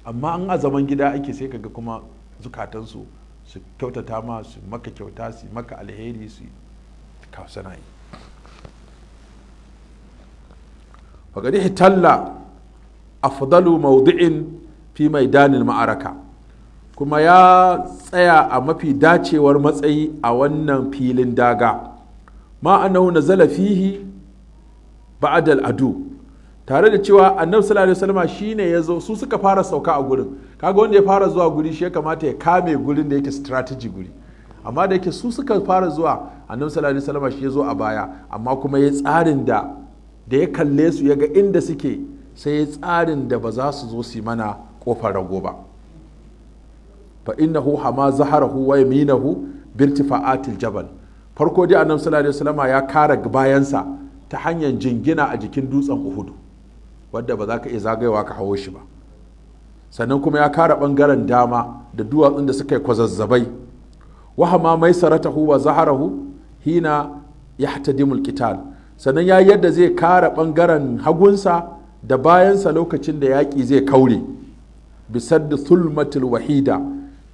amma an azaman gida ake sai kaga kuma zukatansu su kyautata ma su maka kyauta su maka alheri su kausana faƙad hitalla afdalu mawdi'in fi danin ma'araka kuma ya tsaya a mafi dacewar matsayi a wannan filin daga ma na zala fihi adu tare da cewa annabi sallallahu alaihi wasallam shine ya zo su suka fara sauka a gurin kaga wanda ya fara zuwa guri shi ya kamata ya kame gurin da yake strategy guri amma da yake su suka fara zuwa annabi sallallahu alaihi wasallam shi ya zo a baya amma kuma ya tsarin da da ya kalle su ya ga inda suke sai ya tsarin da ba za su zo su mana kofar rago ba fa innahu hama zaharahu wa yaminahu birtifa'atil jabal farko dai annabi sallallahu alaihi wasallama ya kara bayansa ta hanyar jingina a jikin dutsen uhudu wanda ba za ka iya zagayewa ka hawo shi ba sannan kuma ya kara bangaren dama da duwatsun da suka yi kwazazzabai hama mai saratahu wa zaharahu hina yahtadimul qital sannan ya yadda zai kara ɓangaren hagunsa da bayansa lokacin da yaƙi zai kaure da sulmatul wahida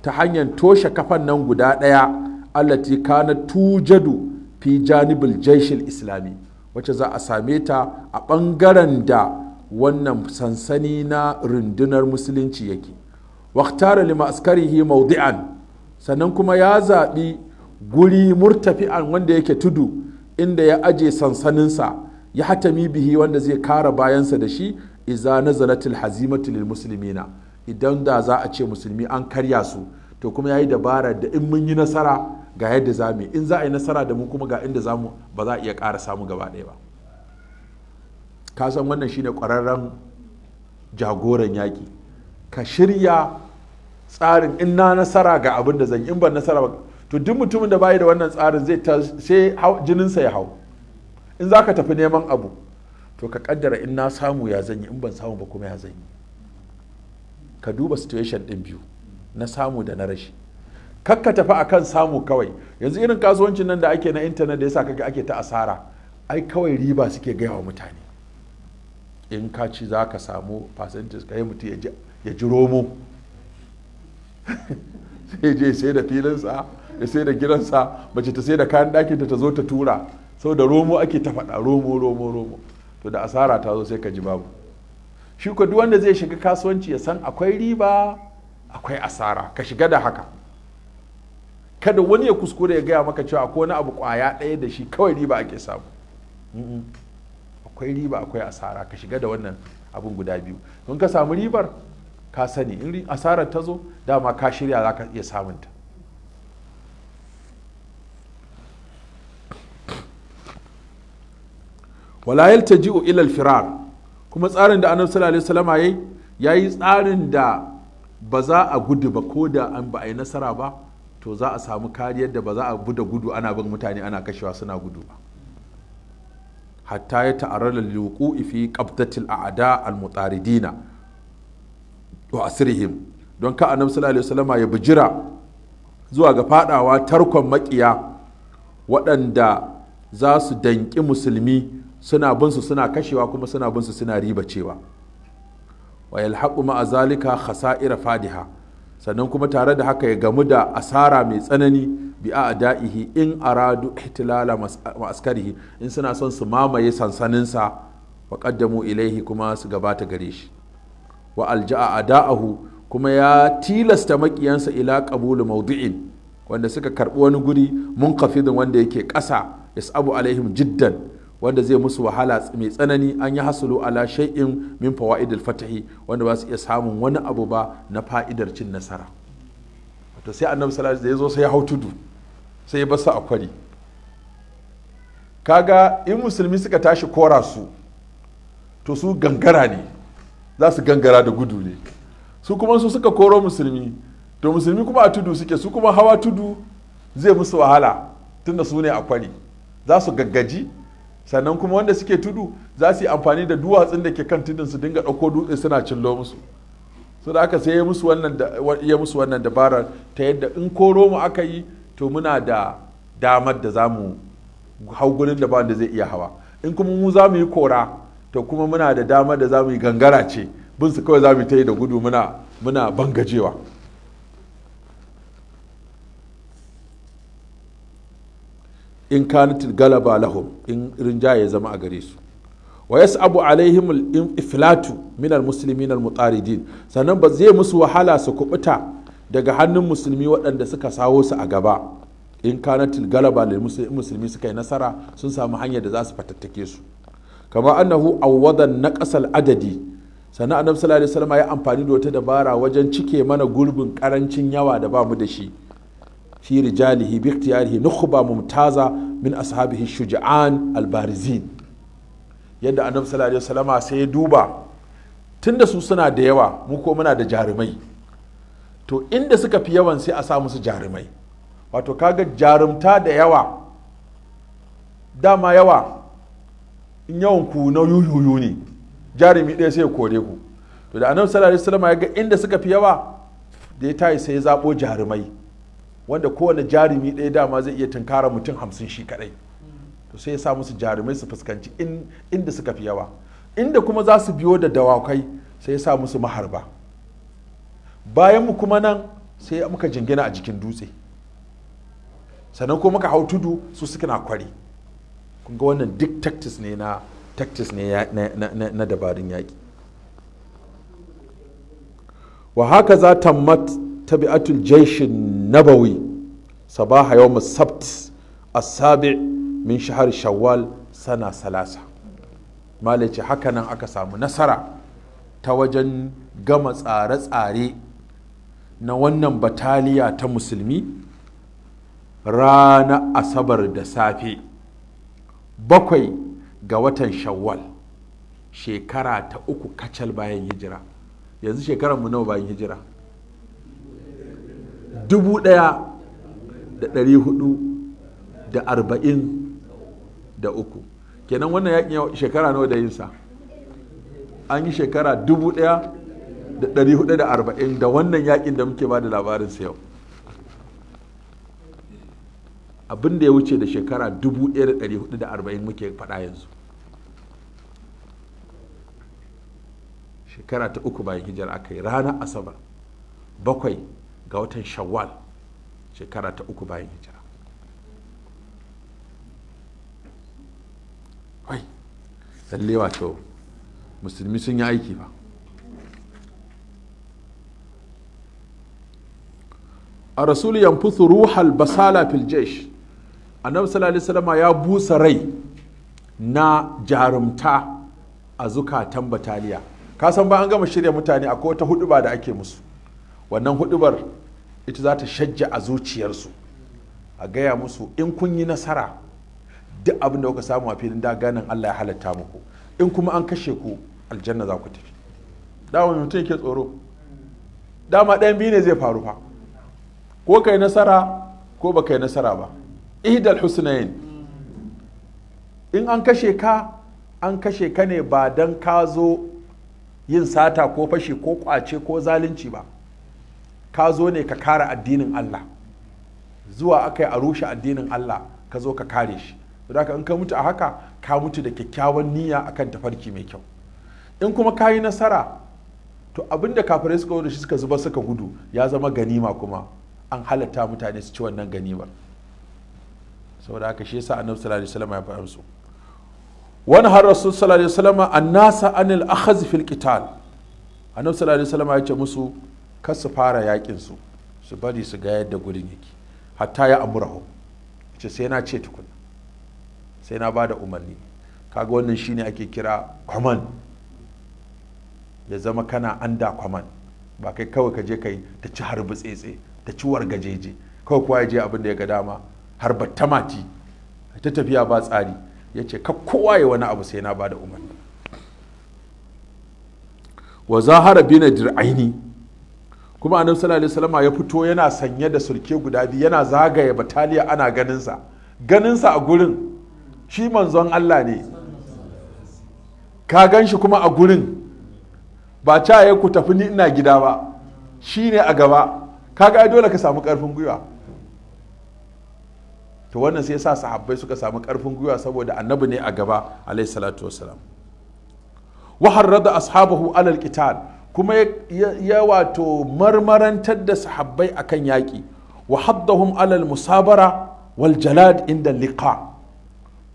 ta hanyar toshe kafan nan guda ɗaya allati kana tujadu fi janibul jaishil islami wacce za a same ta a ɓangaren da wannan sansani na rundunar musulunci yake waktara lima askarihi maudi'an sannan kuma ya zaɓi guri murtafi'an wanda yake tudu inda ya aje sansaninsa ya hatami bihi wanda zai kara bayansa da shi iza nazalatil hazimatu lil muslimina idan da za a ce musulmi an karya su to kuma yayi dabara da in mun yi nasara ga yadda za mu in za a yi nasara da mu kuma ga inda za mu ba za a iya ƙara samu gaba ɗaya ba ka san wannan shine kwararren jagoran yaƙi ka shirya tsarin in na nasara ga abin da zan yi in ban nasara ba to duk mutumin da bayi da wannan tsarin zai ta sai jininsa ya hau in za ka tafi neman abu to ka kaddara in na samu ya zanyi in ban samu ba kuma ya zanyi ka duba situation din biyu na samu da na rashi ka tafi akan samu kawai yanzu irin kasuwancin nan da ake na intanet da yasa kake ake ta asara ai kawai riba suke gaya wa mutane in ka ci za ka samu percentage ka yi mutum ya ji romo <laughs> sai je sai da filinsa ya sai da gidansa mace ta sai da kayan ɗakinta ta zo ta tura Sau da romo ake ta faɗa romo romo romo to da asara ta zo sai ka ji babu shi ko duk wanda zai shiga kasuwanci ya san akwai riba akwai asara ka shiga da haka kada wani ya kuskure ya gaya maka cewa akwai wani abu kwaya ɗaya da shi kawai riba ake samu akwai riba akwai asara ka shiga da wannan abun guda biyu don ka samu ribar ka sani in asarar ta zo dama ka shirya za ka iya samunta wala yaltaji'u ila al-firar kuma tsarin da annabi sallallahu alaihi wasallam yayi yayi tsarin da ba za a gudu ba ko da an ba a yi nasara ba to za a samu kariyar da ba za a buda gudu ana bin mutane ana kashewa suna gudu ba hatta ya ta'arrala liwuqu'i fi qabdatil a'da al-mutaridina wa asrihim don ka annabi sallallahu alaihi wasallam ya bijira zuwa ga fadawa tarkon makiya waɗanda za su danki musulmi suna bin su suna kashewa kuma suna bin suna riba cewa wa yalhaqu ma'a zalika khasa'ira fadiha sannan kuma tare da haka ya gamu da asara mai tsanani bi a da'ihi in aradu ihtilala ma'askarihi in suna son su mamaye sansaninsa wa qaddamu ilaihi kuma su gabata gare shi wa alja'a da'ahu kuma ya tilasta makiyansa ila qabulu mawdi'in wanda suka karbi wani guri munkafidin wanda yake ƙasa yasabu alaihim jiddan wanda zai musu wahala mai tsanani an yi hasulu ala shay'in min fawaidil fatahi wanda ba su iya samun wani abu ba na fa'idar cin nasara to sai annabi sallallahu alaihi wasallam zai zo sai ya hau tudu sai ya basu a kwari kaga in musulmi suka tashi kora su to su gangara ne za su gangara da gudu ne su kuma su suka koro musulmi to musulmi kuma a tudu suke su kuma hawa tudu zai musu wahala tunda su ne a za su gaggaji sannan kuma wanda suke tudu za su yi amfani da duwatsun da ke kan tudun su dinga ɗauko dutse suna cillo musu su da aka sai ya musu wannan ya ta yadda in koro mu aka yi to muna da damar da za mu hau gurin da da zai iya hawa in kuma mu za mu yi kora to kuma muna da damar da za mu yi gangara ce bin su kawai za mu yi ta yi da gudu muna muna bangajewa in kanat galaba lahum in rinjaye ya zama a gare su wa yas'abu alaihim al-iflatu min al-muslimin al-mutaridin sannan ba zai musu wahala su kubuta daga hannun musulmi waɗanda suka sawo su a gaba in kanat galaba lil musulmi suka yi nasara sun samu hanyar da za su fatattake su kama annahu na naqasal adadi sannan annabi sallallahu alaihi wasallam ya amfani da wata dabara wajen cike mana gurbin karancin yawa da ba mu da shi fi rijalihi bi ikhtiyarihi nukhba mumtaza min ashabihi shuja'an albarizin yadda annabi sallallahu alaihi wasallama sai ya duba tunda su suna da yawa mu ko muna da jarumai to inda suka fi yawan sai a sa musu jarumai wato kaga jarumta da yawa dama yawa in yawan ku na yuyuyu ne jarumi ɗaya sai ya kore ku to da annabi sallallahu alaihi wasallama ya ga inda suka fi yawa da ya tayi sai ya zabo jarumai wanda kowane jarumi ɗaya dama zai iya tunkara mutum hamsin shi kaɗai to sai ya sa musu jarumai su fuskanci inda suka fi yawa inda kuma za su biyo da dawakai sai ya sa musu maharba bayan mu kuma nan sai muka jingina a jikin dutse sannan kuma muka hau tudu su suka na kwari kun ga wannan duk taktis ne na taktis ne na dabarun yaƙi wa haka za tammat tabi'atul jaishin nabawi sabaha yawm sabt as-sabi min shahar shawwal sana salasa malaci haka nan aka samu nasara ta wajen gama tsare-tsare na wannan bataliya ta musulmi rana asabar da safe bakwai ga watan shawwal shekara ta uku kacal bayan hijira yanzu shekarar mu nawa bayan hijira dubu da hudu da arba'in da uku kenan wannan yakin shekara nawa da yinsa an yi shekara dubu da hudu da arba'in da wannan yakin da muke ba da labarin sa yau abin da ya wuce da shekara 1440 muke faɗa yanzu shekara ta uku bayan hijira aka yi ranar asabar bakwai ga watan shawwal shekara ta uku bayan hijira wai lalle wato musulmi sun yi aiki ba a rasul yanfusu ruhal basala fil jesh annabi sallallahu alaihi ya busa rai na jarumta a zukatan bataliya ka san ba an gama shirya mutane akwai wata ba da ake musu wannan hudubar ita za ta shajja a zuciyarsu a gaya musu in kun yi nasara duk abin da kuka samu a filin daganan Allah ya halatta muku in kuma an kashe ku aljanna za ku tafi dama mutum yake tsoro dama ɗayan biyu ne zai faru fa ko kai nasara ko ba kai nasara ba ihdal husnayn in an kashe ka an kashe ka ne ba dan ka zo yin sata ko fashe, ko kwace ko zalunci ba ka zo ne ka kare addinin Allah zuwa aka yi a rushe addinin Allah ka zo ka kare shi haka in ka mutu a haka ka mutu da kyakkyawan niyya akan tafarki mai kyau in kuma ka yi nasara to abinda kafirai suka da shi suka zuba suka gudu ya zama ganima kuma an halatta mutane su ci wannan ganimar saboda haka shi yasa annabi sallallahu alaihi wasallam ya faɗa musu wani har rasul sallallahu alaihi wasallam nasa anil akhaz fil qital annabi sallallahu alaihi wasallam ya ce musu kar su fara yakin su su bari su ga yadda gurin yake hatta ya amurahu ce sai na ce tukuna sai na bada umarni kaga wannan shine ake kira Kwaman. ya zama kana anda Kwaman. ba kai kawai ka je kai ta ci harbi tsetse ta ci wargajeje kawai kowa ya je abin da ya ga dama har tamati ta tafiya ba tsari ya ce ka kowa ya wani abu sai na bada umarni wa zahara bina dir'aini kuma annabi sallallahu alaihi wasallam ya fito yana sanye da sulke guda biyu yana zagaye bataliya ana ganin sa ganin sa a gurin shi manzon Allah ne ka gan shi kuma a gurin ba ca ya ku tafi ni ina gida ba shi ne a gaba ka ga dole ka samu karfin gwiwa to wannan sai sa sahabbai suka samu karfin gwiwa saboda annabi ne a gaba alaihi salatu wasalam wa harrada ashabahu alal qital kuma ya wato marmarantar da sahabbai akan yaƙi wa haddahum alal musabara wal jalad inda liqa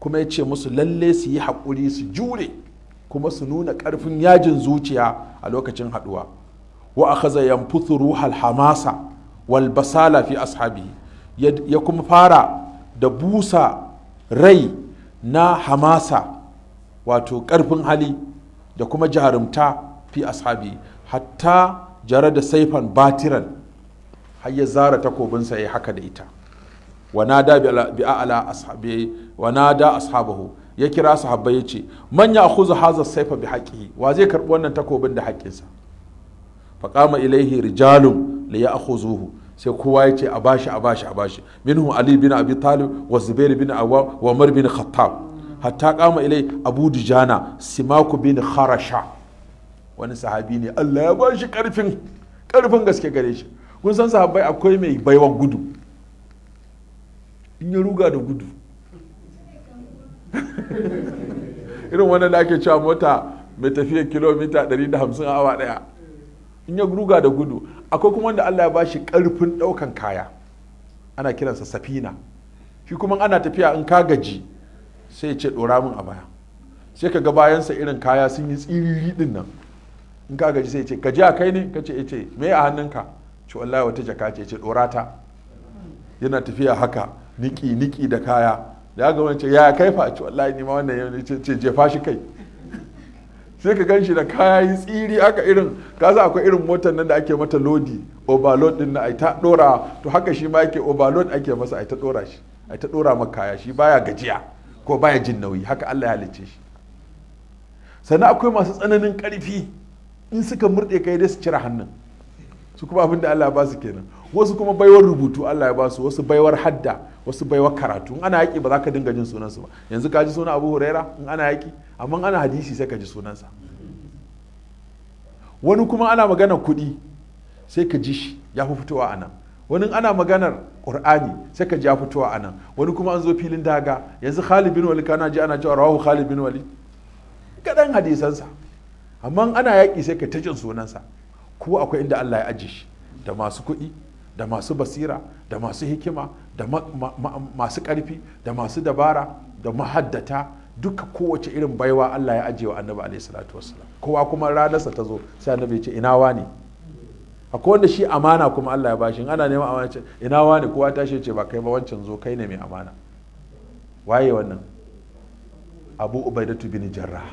kuma ya ce musu lalle su yi haƙuri su jure kuma su nuna ƙarfin yajin zuciya a lokacin haɗuwa wa akhadha yanfuthu ruhal hamasa wal basala fi ashabi ya kuma fara da busa rai na hamasa wato ƙarfin hali da kuma jarumta fi ashabi hatta jara da saifan batiran har ya zara takobinsa ya haka da ita wanada bi ashabi wanada ashabahu ya kira sahabbai ya ce man ya akhuzu saifa bi haqqihi wa zai karbi wannan takobin da haƙƙinsa fa qama ilaihi rijalun li ya'khuzuhu sai kowa ya ce a bashi a bashi a bashi minhu ali bin abi talib wa zubair bin wa umar bin khattab hatta qama ilai abu dujana simaku bin kharasha wani sahabi ne Allah ya bashi karfin karfin gaske gare shi kun san sahabbai akwai mai baiwan gudu in ya ruga da gudu <laughs> irin wani da ake cewa mota mai tafiya kilomita 150 a awa daya in ya ruga da gudu akwai kuma wanda Allah ya bashi karfin daukan kaya ana kiransa safina shi kuma ana tafiya in ka gaji sai ce dora min a baya sai ka ga bayansa irin kaya sun yi tsiriri din nan in ka gaji sai ce ka ji a kai ne ka ce ya eh, ce me a hannunka ce wallahi wata jaka ce ce dorata yana tafiya haka niki niki da kaya da ya gama ce ya kai fa ce wallahi ni ma wannan yau ne ce jefa shi kai sai ka gan shi da kaya yi tsiri aka irin ka za akwai irin motar nan da ake mata lodi overload din na aita ta dora to haka shi ma yake overload ake masa ai ta dora shi ai ta dora maka kaya shi baya gajiya ko baya jin nauyi haka Allah ya halicce shi sannan akwai masu tsananin karfi in suka murɗe kai dai su cire hannun su kuma abin da Allah ba su kenan wasu kuma baiwar rubutu Allah ya ba su wasu baiwar hadda wasu baiwar karatu in ana yaƙi ba za ka dinga jin sunansu ba yanzu ka ji sunan Abu Huraira in ana yaƙi amma ana hadisi sai ka ji sunansa wani kuma ana magana kuɗi sai ka ji shi ya fi fitowa a nan wani ana maganar qur'ani sai ka ji ya fitowa a nan wani kuma an zo filin daga yanzu Khalid bin Walid kana ji ana cewa rawahu Khalid bin Walid kadan hadisansa amma ana yaƙi sai ka ta jin sunansa ko akwai inda Allah ya aji shi da masu kuɗi da masu basira da masu hikima da masu ƙarfi da masu dabara da mahaddata duka kowace irin baiwa Allah ya ajiye wa annabi alaihi salatu wassalam kowa kuma ranarsa ta zo sai annabi ya ce ina wani akwai wanda shi amana kuma Allah ya bashi ana neman amana ce ina wani kowa tashi ce ba kai ba wancan zo kai ne mai amana waye wannan abu ubaidatu bin jarrah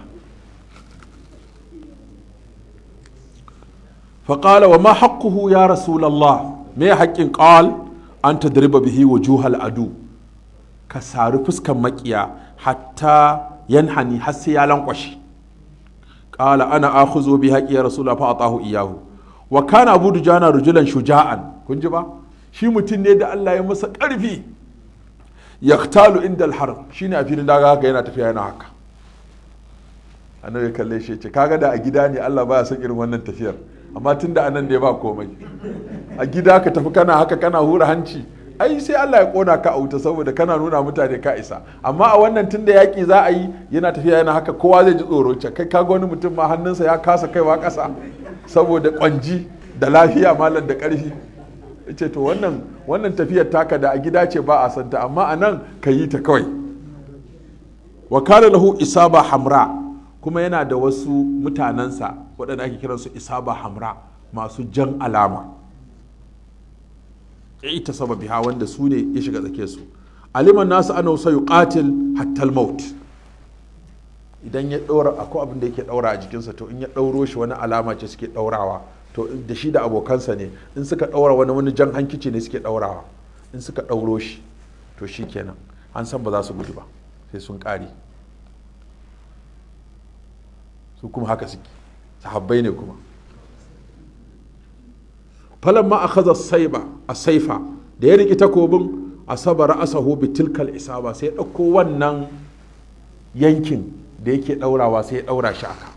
faƙala wa ma haƙƙuhu ya rasulallah me haƙƙin ƙal an ta dariba bihi wa juhal adu ka sari fuskan maƙiya hatta yanhani har sai ya lankwashe ƙala ana akhuzu bi ya rasulullah fa atahu iyahu wa kana abu dujana rujulan shuja'an kun ji ba shi mutum ne da Allah ya masa ƙarfi yaktalu inda alharb shine a filin daga haka yana tafiya yana haka annabi kalle shi ce kaga da a gida ne Allah baya son irin wannan tafiyar amma tun da anan ne ba komai a gida ka tafi kana haka kana hura hanci ai sai Allah ya kona ka a wuta saboda kana nuna mutane ka isa amma a wannan tunda yaƙi za a yi yana tafiya yana haka kowa zai ji tsoro can kai kaga wani mutum ma hannunsa ya kasa kaiwa ƙasa saboda kwanji da lafiya malam da ƙarfi ce to wannan wannan tafiyar taka da a gida ce ba a santa amma a nan ka yi ta kawai wa kana lahu isaba hamra kuma yana da wasu mutanensa waɗanda ake kiran kiransu ba hamra masu jan alama ita sababi ha wanda su ne ya shiga tsake su aliman nasu ana yi yuqatil hattal maut idan ya ɗaura akwai abin da yake ɗaura a jikinsa to in ya ɗauro shi wani alama ce suke ɗaurawa to da shi da abokansa ne in suka ɗaura wani wani jan hankici ne suke ɗaurawa in suka ɗauro shi to shi kenan an san ba za su gudu ba sai sun ƙare su kuma haka suke sahabbai ne kuma a kaza saiba a saifa da ya riki takobin asaba ra'asahu bi tilkal isaba sai ɗauko wannan yankin da yake ɗaurawa sai ya ɗaura shi aka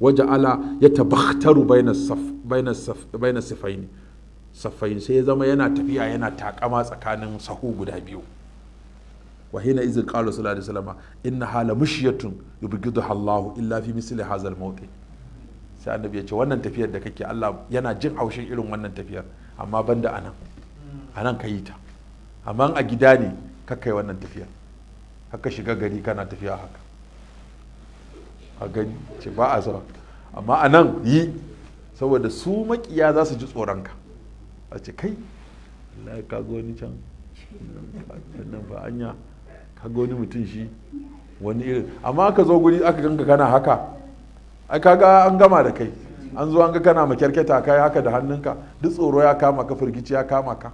waje ala ya tabakhtaru bainas safaini sai ya zama yana tafiya yana takama tsakanin sahu guda biyu wa hina izin qala sallallahu alaihi wasallam inna hala mushyatun yubghiduha Allah illa fi misli hadha al-mawqi sai annabi ya ce wannan tafiyar da kake Allah yana jin haushin irin wannan tafiyar amma banda anan anan ka yi ta amma a gida ne kakai wannan tafiyar haka shiga gari kana tafiya haka a gani ce ba a zama amma a nan yi saboda su makiya za su ji tsoronka a ce kai Allah ya kago ni can wannan ba anya kaga wani mutum shi wani irin amma aka zo guri aka ganka kana haka ai kaga an gama da kai an zo an ga kana makyarketa kai haka da hannunka duk tsoro ya kama ka firgici ya kama ka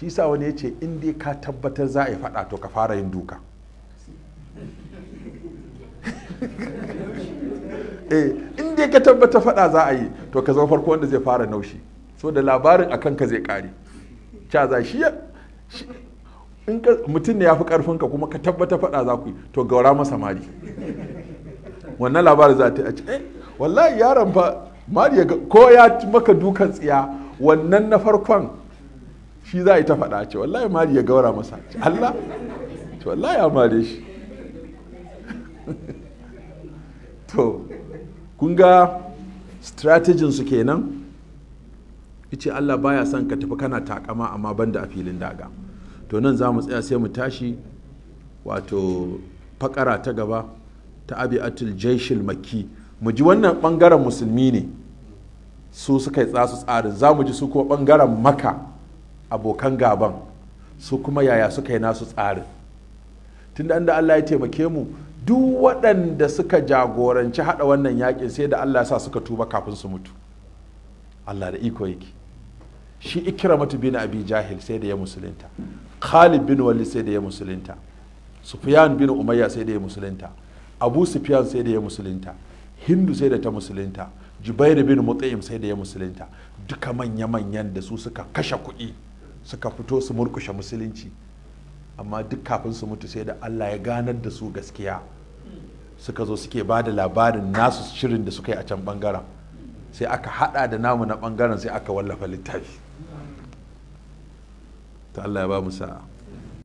shi sa wani ya ce in dai ka tabbatar za a yi faɗa to ka fara yin duka <laughs> eh in dai ka tabbata faɗa za a yi to ka zama farko wanda zai fara naushi so da labarin akan ka zai ƙare cha za shi in mutum ne ya fi ka kuma ka tabbata faɗa za ku yi to gaura masa mari wannan labarin za ta ce eh wallahi yaron fa mari ya ko ya maka dukan tsiya wannan na farkon shi za a yi ta faɗa ce wallahi mari ya gaura masa Allah to wallahi ya mare shi <laughs> to kun ga strategin su kenan yace Allah baya son ka tafi kana takama amma banda a filin daga to nan za mu tsaya sai mu tashi wato fakara ta gaba ta abi'atul jaishil makki mu ji wannan bangaren musulmi ne su suka yi tsasu tsarin za mu ji su kuma bangaren maka abokan gaban su kuma yaya suka yi nasu tsarin Tun da Allah ya taimake mu duk waɗanda suka jagoranci haɗa wannan yakin sai da Allah sa suka tuba kafin su mutu Allah da iko yake shi ikramatu bin abi jahil sai da ya musulunta khalid bin Wali sai da ya musulunta sufyan bin umayya sai da ya musulunta abu sufyan sai da ya musulunta hindu sai da ta musulunta jubairu bin mut'im sai da ya musulunta duka manya-manyan da su suka kashe kuɗi suka fito su murkushe musulunci amma duk kafin su mutu sai da allah ya ganar da su gaskiya suka zo suke ba da labarin nasu shirin da suka yi a can bangaren sai aka hada da namu na bangaren sai aka wallafa littafi تعال يا بابو مساعد